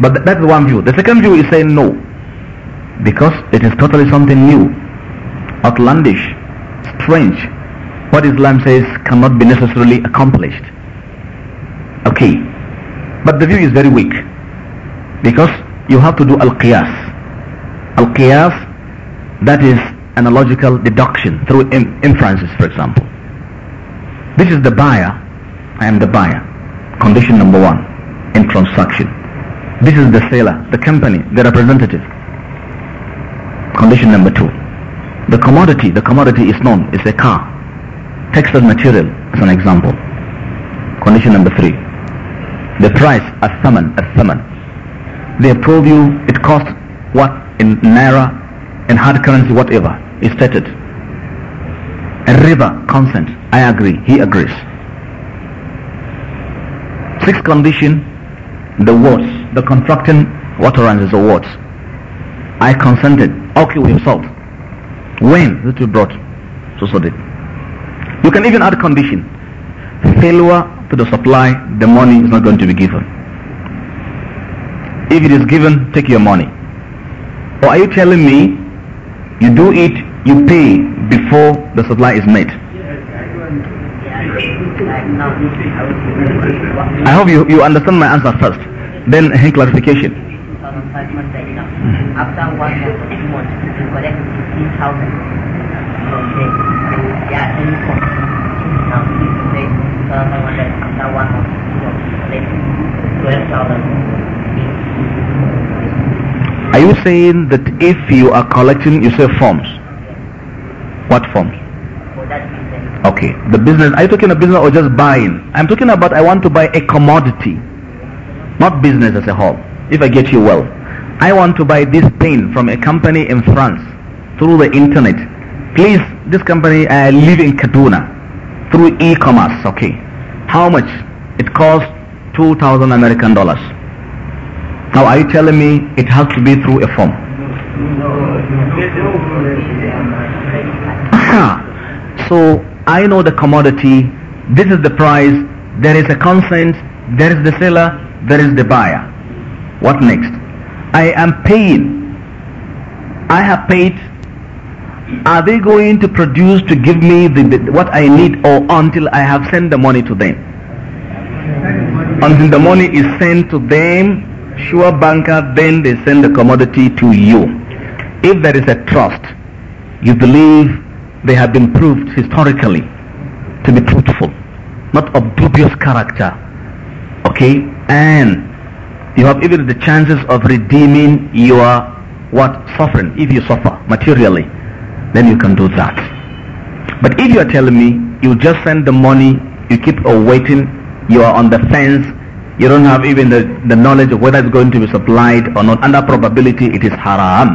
But that's one view. The second view is saying no. Because it is totally something new, outlandish, strange. What Islam says cannot be necessarily accomplished. Okay. But the view is very weak. Because you have to do al-qiyas. Al-qiyas, that is analogical deduction through inferences, for example. This is the buyer. I am the buyer. Condition number one in transaction. This is the seller, the company, the representative. Condition number two. The commodity, the commodity is known, it's a car. Textile material as an example. Condition number three. The price, a summon, a summon. They told you, it costs what in naira, in hard currency, whatever, is stated. A river, consent, I agree, he agrees. Sixth condition, the words the contracting water and words. I consented. Okay with himself. When that we brought, so so did. You can even add condition. Failure to the supply, the money is not going to be given. If it is given, take your money. Or are you telling me you do it, you pay before the supply is made? I hope you, you understand my answer first. Then hand uh, clarification. After one you collect 15,000 from are you after one month, you collect 12,000. Are you saying that if you are collecting, you say forms? What forms? Okay, the business. Are you talking about business or just buying? I'm talking about I want to buy a commodity not business as a whole. If I get you well, I want to buy this thing from a company in France through the internet. Please, this company, I live in Kaduna through e-commerce, okay. How much? It costs 2,000 American dollars. Now are you telling me it has to be through a form? [LAUGHS] so I know the commodity, this is the price, there is a consent, there is the seller, there is the buyer. What next? I am paying. I have paid. Are they going to produce to give me the, what I need or until I have sent the money to them? Until the money is sent to them, sure banker, then they send the commodity to you. If there is a trust, you believe they have been proved historically to be truthful, not of dubious character. Okay? and you have even the chances of redeeming your what suffering if you suffer materially then you can do that but if you are telling me you just send the money you keep awaiting, you are on the fence you don't have even the, the knowledge of whether it's going to be supplied or not under probability it is haram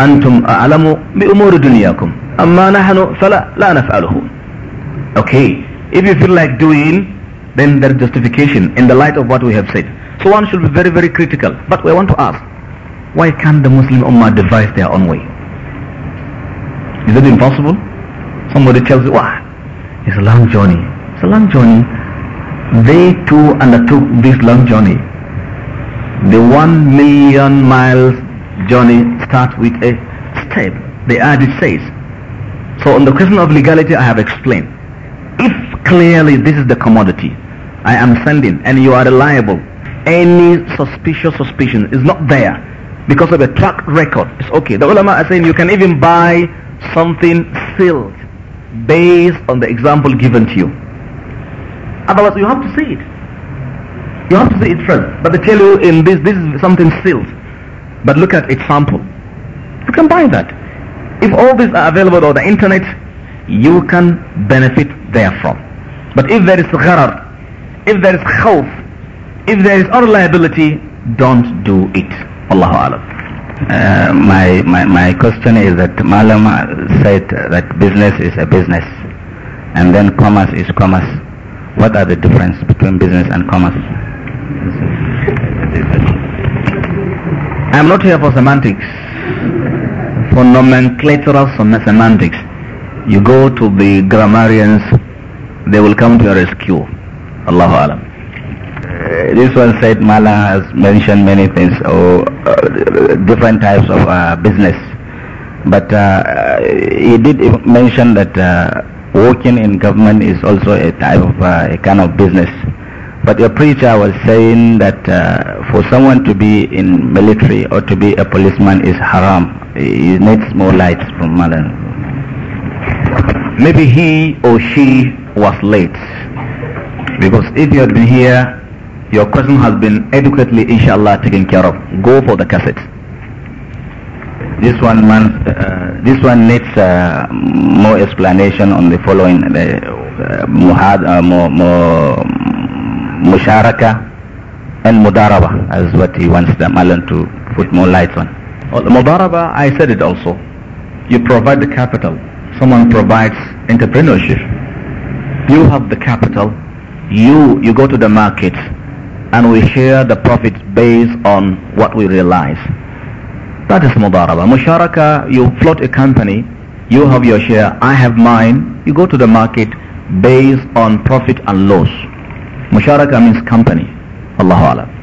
أنتم أعلم بأمور دنياكم أما نحن فلا لا نفعله okay if you feel like doing then there is justification in the light of what we have said. So one should be very, very critical. But we want to ask, why can't the Muslim Ummah devise their own way? Is it impossible? Somebody tells you, why? it's a long journey. It's a long journey. They too undertook this long journey. The one million miles journey starts with a step. The adage says. So on the question of legality, I have explained. If Clearly, this is the commodity I am sending, and you are reliable. Any suspicious suspicion is not there because of a track record. It's okay. The ulama are saying you can even buy something sealed based on the example given to you. Otherwise, you have to see it. You have to see it first. But they tell you in this, this is something sealed. But look at its sample. You can buy that. If all these are available on the internet, you can benefit therefrom. But if there is gharar, if there is khawf, if there is unreliability, don't do it. Allahu Alam. Uh, my, my, my question is that Malama said that business is a business and then commerce is commerce. What are the difference between business and commerce? I'm not here for semantics, for nomenclatural semantics. You go to the grammarians they will come to your rescue. Allahu Alam. Uh, this one said Mala has mentioned many things or oh, uh, different types of uh, business. But uh, he did mention that uh, working in government is also a type of uh, a kind of business. But your preacher was saying that for someone to be in military or to be a policeman is haram. He needs more light from Malan maybe he or she was late because if you had been here your question has been adequately inshallah taken care of go for the cassette this one man uh, uh this one needs uh, more explanation on the following the uh, uh, musharaka and mudaraba as what he wants the malan uh, to put more light on well, oh, mudaraba i said it also you provide the capital someone provides entrepreneurship. You have the capital, you, you go to the market and we share the profits based on what we realize. That is mudaraba. Musharaka, you float a company, you have your share, I have mine, you go to the market based on profit and loss. Musharaka means company. Allahu Alam.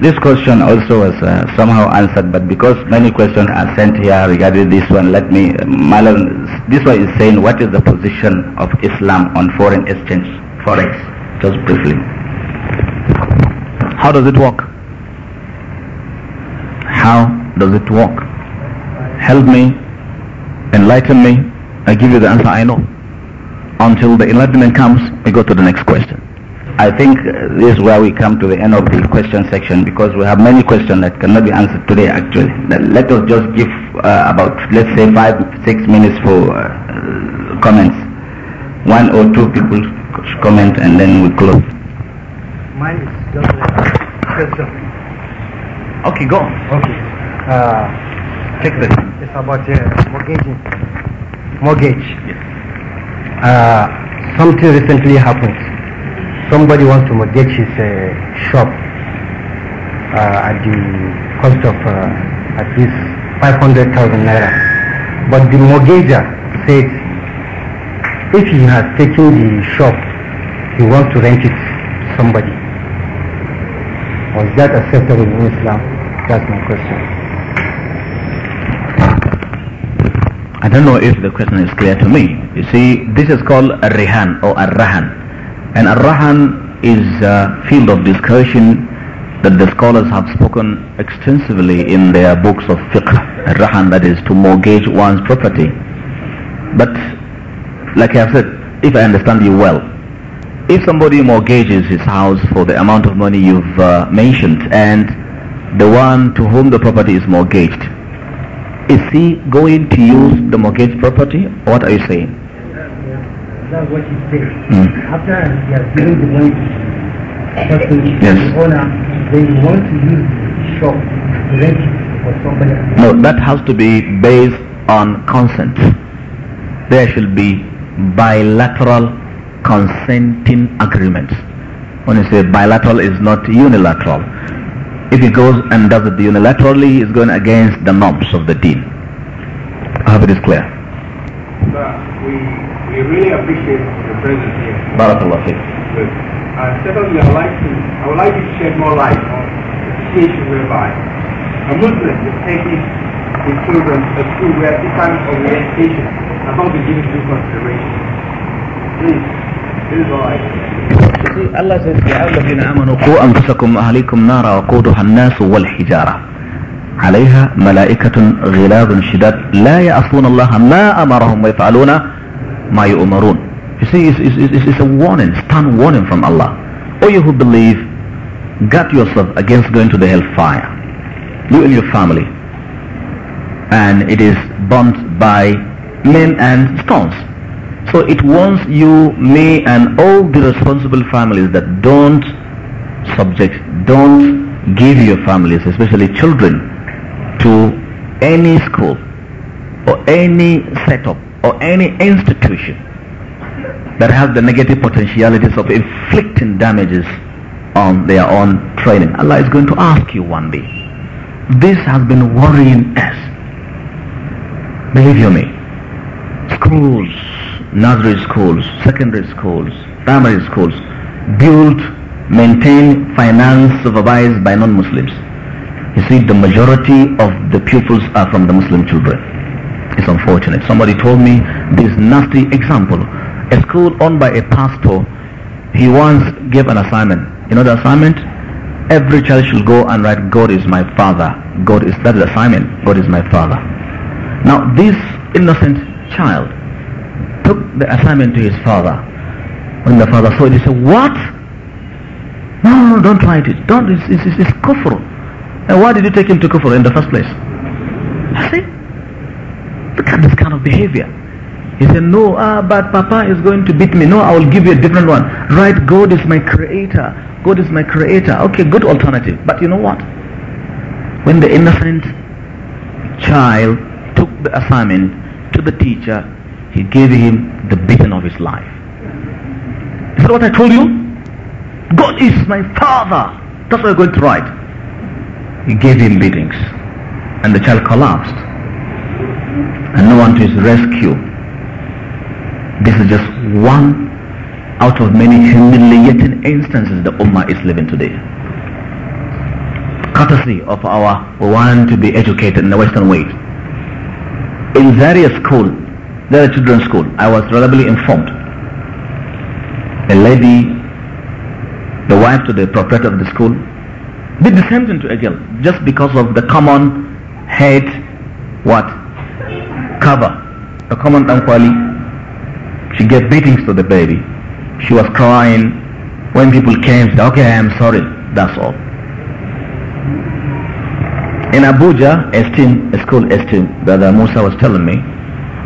This question also was uh, somehow answered, but because many questions are sent here regarding this one, let me, uh, Malan. this one is saying, what is the position of Islam on foreign exchange, forex, just briefly. How does it work? How does it work? Help me, enlighten me, I give you the answer I know. Until the enlightenment comes, we go to the next question. I think this is where we come to the end of the question section because we have many questions that cannot be answered today actually. Let us just give uh, about, let's say, five, six minutes for uh, comments. One or two people comment and then we close. Mine is just a question. Okay, go on. Okay. Uh, Take this. It's about uh, mortgage. Mortgage. Yes. Uh, something recently happened somebody wants to mortgage his uh, shop uh, at the cost of uh, at least 500,000 naira. But the mortgager says if he has taken the shop, he wants to rent it to somebody. Was that acceptable in Islam? That's my question. I don't know if the question is clear to me. You see, this is called a rihan or a rahan. And Ar-Rahan is a uh, field of discussion that the scholars have spoken extensively in their books of fiqh. Ar-Rahan, that is to mortgage one's property. But like I said, if I understand you well, if somebody mortgages his house for the amount of money you've uh, mentioned and the one to whom the property is mortgaged, is he going to use the mortgage property? What are you saying? That's what you say. Mm. After you are given the money to yes. the owner, they want to use the shop to rent for somebody else. No, that has to be based on consent. There should be bilateral consenting agreements. When you say bilateral, it's not unilateral. If he goes and does it unilaterally, it's going against the norms of the deen. I hope it is clear. But we We really appreciate your presence here. Barakallah fiqh. Good. Uh, secondly, I would, like to, I would like you to shed more light on the situation whereby a Muslim is taking his children to school where Islamic orientation has not been given due consideration. Please, this is all I الله says يا أيها الذين آمنوا قوا أنفسكم وأهليكم نارا وقودها الناس والحجارة عليها ملائكة غلاظ شداد لا يعصون الله ما أمرهم ويفعلون ma yu'marun. You see, it's, it's, it's, it's a warning, stern warning from Allah. O you who believe, guard yourself against going to the hellfire, you and your family. And it is burnt by men and stones. So it warns you, me, and all the responsible families that don't subject, don't give your families, especially children, to any school or any setup or any institution that has the negative potentialities of inflicting damages on their own training. Allah is going to ask you one day. This has been worrying us. Believe you me. Schools, nursery schools, secondary schools, primary schools, built, maintained, financed, supervised by non-Muslims. You see, the majority of the pupils are from the Muslim children. It's unfortunate. Somebody told me this nasty example. A school owned by a pastor, he once gave an assignment. You know the assignment? Every child should go and write, God is my father. God is, that is the assignment. God is my father. Now this innocent child took the assignment to his father. When the father saw it, he said, what? No, no, no, don't write it. Don't, it's, it's, it's kufr. And why did you take him to kufr in the first place? I see? this kind of behavior. He said, no, ah, but Papa is going to beat me. No, I will give you a different one. Right, God is my creator. God is my creator. Okay, good alternative. But you know what? When the innocent child took the assignment to the teacher, he gave him the beating of his life. Is that what I told you? God is my father. That's what I'm going to write. He gave him beatings. And the child collapsed and no one to his rescue. This is just one out of many humiliating instances the Ummah is living today. Courtesy of our want to be educated in the Western way. In various schools, there are children's school, I was reliably informed. A lady, the wife to the proprietor of the school, did the same thing to a girl just because of the common hate, what? cover, a common dankwali. She gave beatings to the baby. She was crying. When people came, she said, okay, I'm sorry. That's all. In Abuja, Esteem, a school Esteem, Brother Musa was telling me,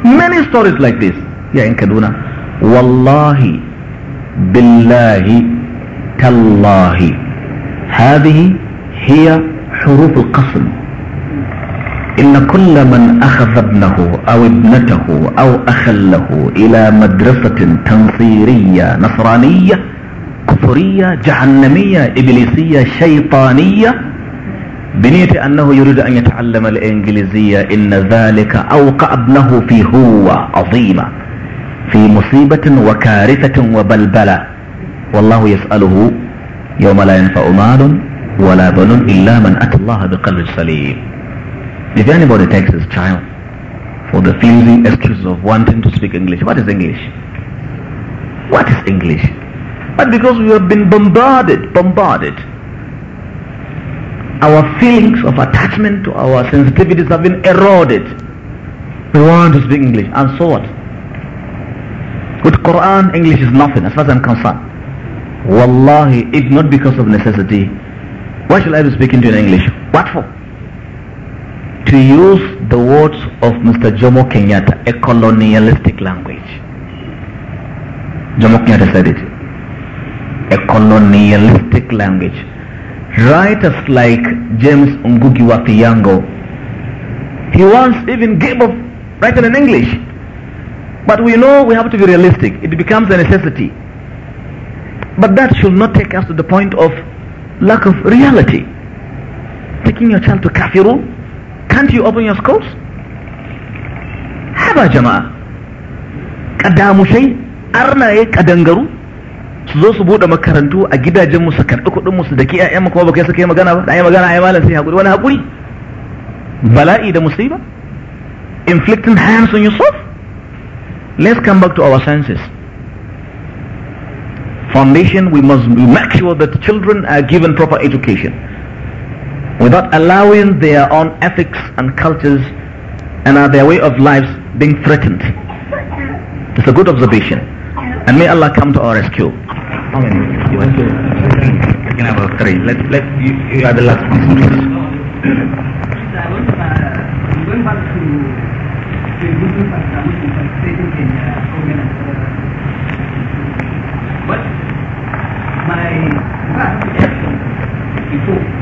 many stories like this Yeah, in Kaduna. Wallahi, billahi, tallahi. هذه هي حروف القسم إن كل من أخذ ابنه أو ابنته أو أخله له إلى مدرسة تنصيرية نصرانية كفرية جهنمية إبليسية شيطانية بنية أنه يريد أن يتعلم الإنجليزية إن ذلك أوقع ابنه في هو عظيمة في مصيبة وكارثة وبلبلة والله يسأله يوم لا ينفع مال ولا بنون إلا من أتى الله بقلب سليم If anybody takes his child for the flimsy excuse of wanting to speak English, what is English? What is English? But because we have been bombarded, bombarded. Our feelings of attachment to our sensitivities have been eroded. We want to speak English, and so what? With Quran, English is nothing as far as I'm concerned. Wallahi, if not because of necessity, why should I be speaking to you in English? What for? to use the words of Mr. Jomo Kenyatta, a colonialistic language. Jomo Kenyatta said it. A colonialistic language. Writers like James Ngugi wa Thiong'o, he once even gave up writing in English. But we know we have to be realistic. It becomes a necessity. But that should not take us to the point of lack of reality. Taking your child to Kafiru, Can't you open your schools? Haba jama'a, ƙadamushai, arnaye ƙadangaru, su zo su buɗe makarantu a gidajenmu su karɓi kuɗinmu su daki 'ya'yanmu kuma ba kai suka yi magana ba, da yi magana a yi malam sai haƙuri, wani haƙuri, bala'i da musiba, inflicting hands on yourself. Let's come back to our senses. Foundation, we must make sure that children are given proper education. without allowing their own ethics and cultures and uh, their way of lives being threatened. It's a good observation. And may Allah come to our rescue. You can have a three. Let, let, you, you are the last one. Going back to the Muslim pastor, Muslim participating But my last question before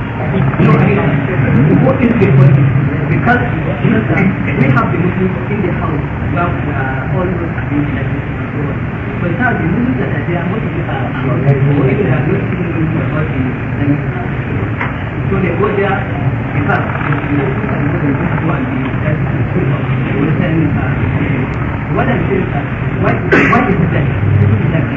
What is the body? Because we have the Muslims in house uh, all those so on. But now the are are they are not the uh, so they go there the Muslims are and the what I'm saying uh, is that is that?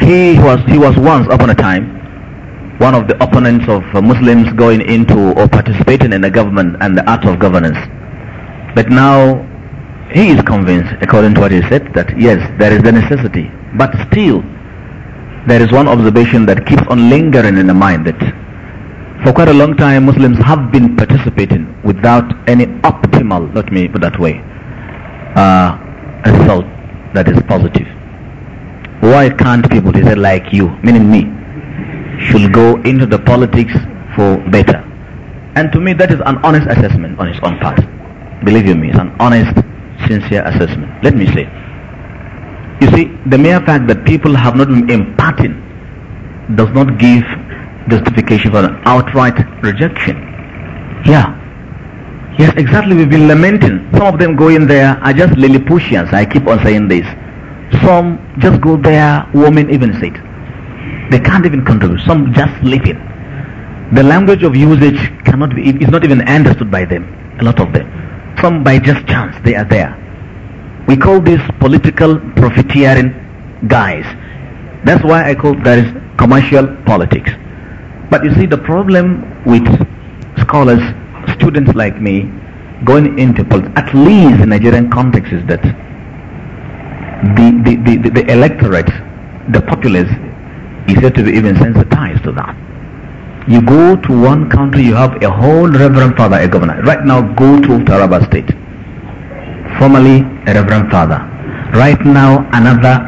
he was he was once upon a time one of the opponents of Muslims going into or participating in the government and the art of governance. But now he is convinced, according to what he said, that yes, there is the necessity. But still, there is one observation that keeps on lingering in the mind that for quite a long time Muslims have been participating without any optimal, let me put that way, uh, result that is positive why can't people, he said, like you, meaning me, should go into the politics for better? And to me, that is an honest assessment on his own part. Believe you me, it's an honest, sincere assessment. Let me say, you see, the mere fact that people have not been imparting does not give justification for an outright rejection. Yeah. Yes, exactly. We've been lamenting. Some of them go in there are just Lilliputians. I keep on saying this. Some just go there, women even sit. They can't even contribute. Some just live in. The language of usage cannot be, is not even understood by them, a lot of them. Some by just chance, they are there. We call this political profiteering guys. That's why I call that is commercial politics. But you see, the problem with scholars, students like me, going into politics, at least in Nigerian context, is that the, the, the, the, electorate, the populace, is said to be even sensitized to that. You go to one country, you have a whole Reverend Father, a governor. Right now, go to Taraba State. Formerly a Reverend Father. Right now, another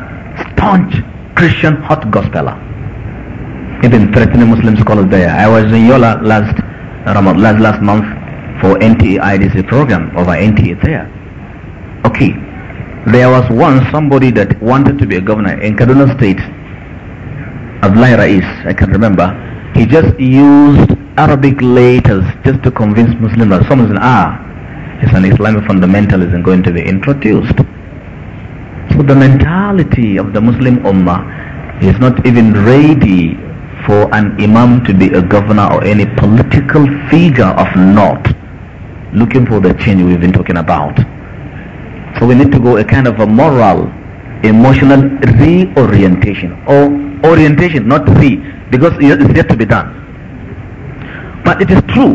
staunch Christian hot gospeler. Even threatening Muslim scholars there. I was in Yola last, last, last month for NTA IDC program over NTA there. Okay, there was once somebody that wanted to be a governor in Kaduna State, Abdullah Rais, I can remember. He just used Arabic letters just to convince Muslims that some an ah, it's an Islamic fundamentalism going to be introduced. So the mentality of the Muslim Ummah is not even ready for an Imam to be a governor or any political figure of not looking for the change we've been talking about. So we need to go a kind of a moral, emotional reorientation or orientation, not re, because it's yet to be done. But it is true,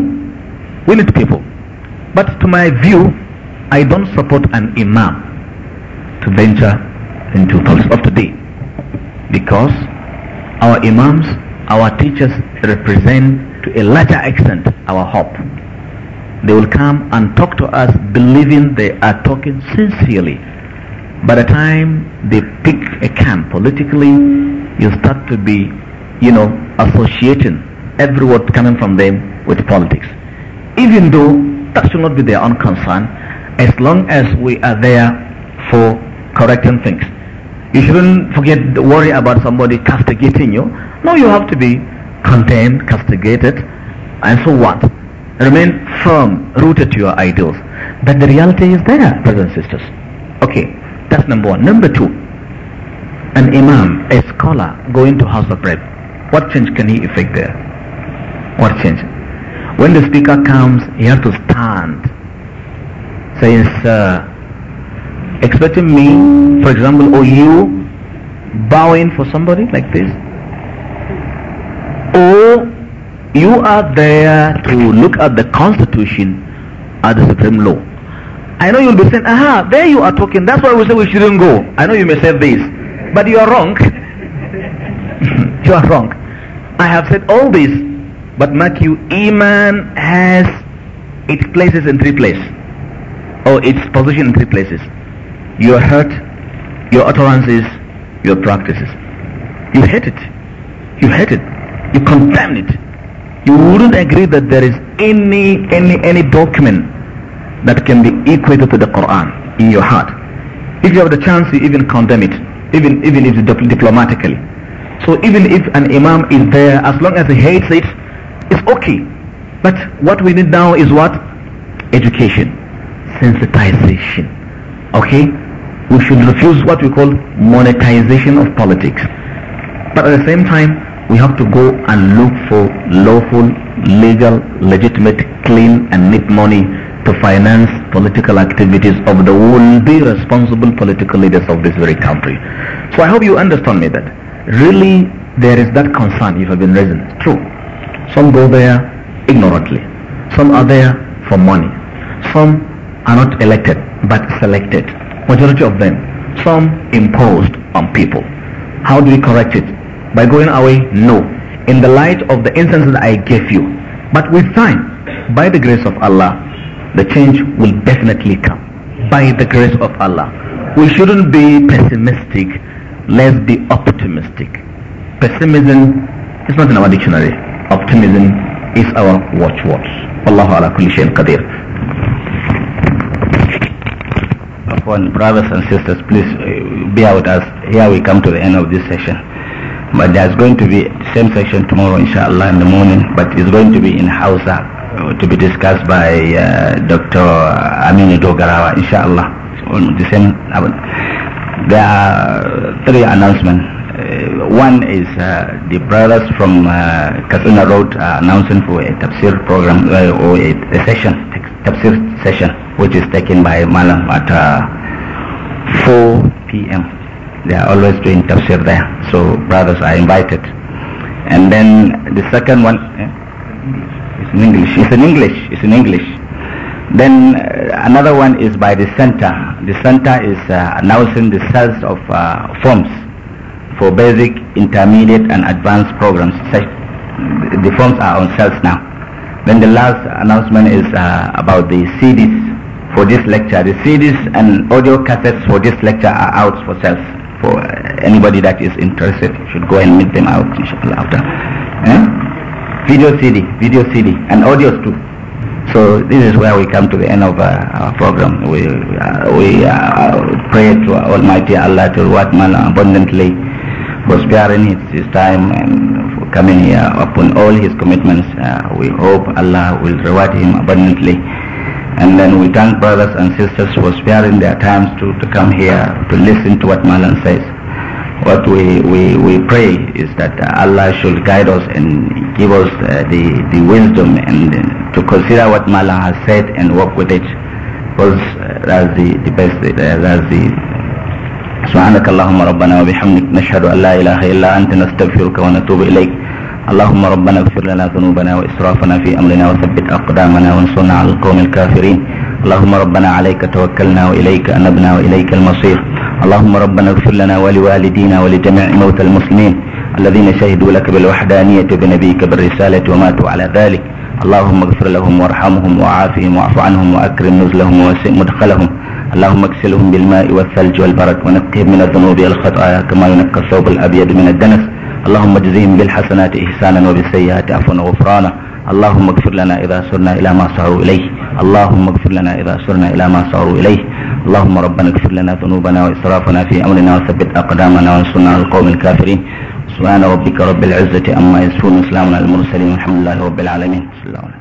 we need people. But to my view, I don't support an imam to venture into politics of today because our imams, our teachers represent to a larger extent our hope. They will come and talk to us believing they are talking sincerely. By the time they pick a camp politically, you start to be, you know, associating every word coming from them with politics. Even though that should not be their own concern, as long as we are there for correcting things. You shouldn't forget, worry about somebody castigating you. No, you have to be condemned, castigated, and so what? Remain firm, rooted to your ideals. But the reality is there, brothers and sisters. Okay, that's number one. Number two, an imam, a scholar, going to house of prayer. What change can he effect there? What change? When the speaker comes, he has to stand. saying, uh, expecting me, for example, or you, bowing for somebody like this? Or you are there to look at the constitution at the supreme law i know you'll be saying aha there you are talking that's why we say we shouldn't go i know you may say this but you are wrong [LAUGHS] you are wrong i have said all this but matthew iman has its places in three places or its position in three places your heart your utterances your practices you hate it you hate it you condemn it you wouldn't agree that there is any, any, any document that can be equated to the Quran in your heart. If you have the chance, you even condemn it, even, even if diplomatically. So even if an imam is there, as long as he hates it, it's okay. But what we need now is what? Education. Sensitization. Okay? We should refuse what we call monetization of politics. But at the same time, we have to go and look for lawful, legal, legitimate, clean and neat money to finance political activities of the will be responsible political leaders of this very country. So I hope you understand me that really there is that concern if I've been raising. True. Some go there ignorantly. Some are there for money. Some are not elected but selected. Majority of them. Some imposed on people. How do we correct it? By going away? No. In the light of the instances I gave you. But with time, by the grace of Allah, the change will definitely come. By the grace of Allah. We shouldn't be pessimistic. Let's be optimistic. Pessimism is not in our dictionary. Optimism is our watchword. Allahu ala kulli shayin qadir. Brothers and sisters, please uh, bear with us. Here we come to the end of this session. But there's going to be the same section tomorrow, inshallah, in the morning. But it's going to be in Hausa uh, to be discussed by uh, Dr. Aminu Dogarawa, inshallah. The same. Uh, there are three announcements. Uh, one is uh, the brothers from uh, Road are announcing for a tafsir program or a, a session, tafsir session, which is taken by Malam at 4 p.m. They are always doing tafsir there. So brothers are invited. And then the second one, eh? it's in English. It's in English. It's in English. Then uh, another one is by the center. The center is uh, announcing the sales of uh, forms for basic, intermediate and advanced programs. the forms are on sales now. Then the last announcement is uh, about the CDs for this lecture. The CDs and audio cassettes for this lecture are out for sales for anybody that is interested should go and meet them out inshallah after eh? video cd video cd and audios too so this is where we come to the end of uh, our program we uh, we uh, pray to almighty allah to reward man abundantly for sparing his, his time and for coming here upon all his commitments uh, we hope allah will reward him abundantly and then we thank brothers and sisters for sparing their times to, to come here to listen to what Malan says. What we, we, we pray is that uh, Allah should guide us and give us uh, the, the wisdom and to consider what Malan has said and work with it. Because uh, that's the, the best, that's the سبحانك اللهم ربنا وبحمدك نشهد أن لا إله إلا أنت نستغفرك ونتوب إليك اللهم ربنا اغفر لنا ذنوبنا وإسرافنا في أمرنا وثبت أقدامنا وانصرنا على القوم الكافرين اللهم ربنا عليك توكلنا وإليك أنبنا وإليك المصير اللهم ربنا اغفر لنا ولوالدينا ولجميع موتى المسلمين الذين شهدوا لك بالوحدانية بنبيك بالرسالة وماتوا على ذلك اللهم اغفر لهم وارحمهم وعافهم واعف عنهم وأكرم نزلهم ووسع مدخلهم اللهم اكسلهم بالماء والثلج والبرد ونقهم من الذنوب والخطايا كما ينقى الثوب الأبيض من الدنس اللهم اجزهم بالحسنات إحسانا وبالسيئات عفوا وغفرانا اللهم اغفر لنا إذا سرنا إلى ما سعوا إليه اللهم اغفر لنا إذا سرنا إلى ما سعوا إليه اللهم ربنا اغفر لنا ذنوبنا وإسرافنا في أمرنا وثبت أقدامنا وانصرنا على القوم الكافرين سبحان ربك رب العزة أما يسفون إسلامنا على المرسلين والحمد لله رب العالمين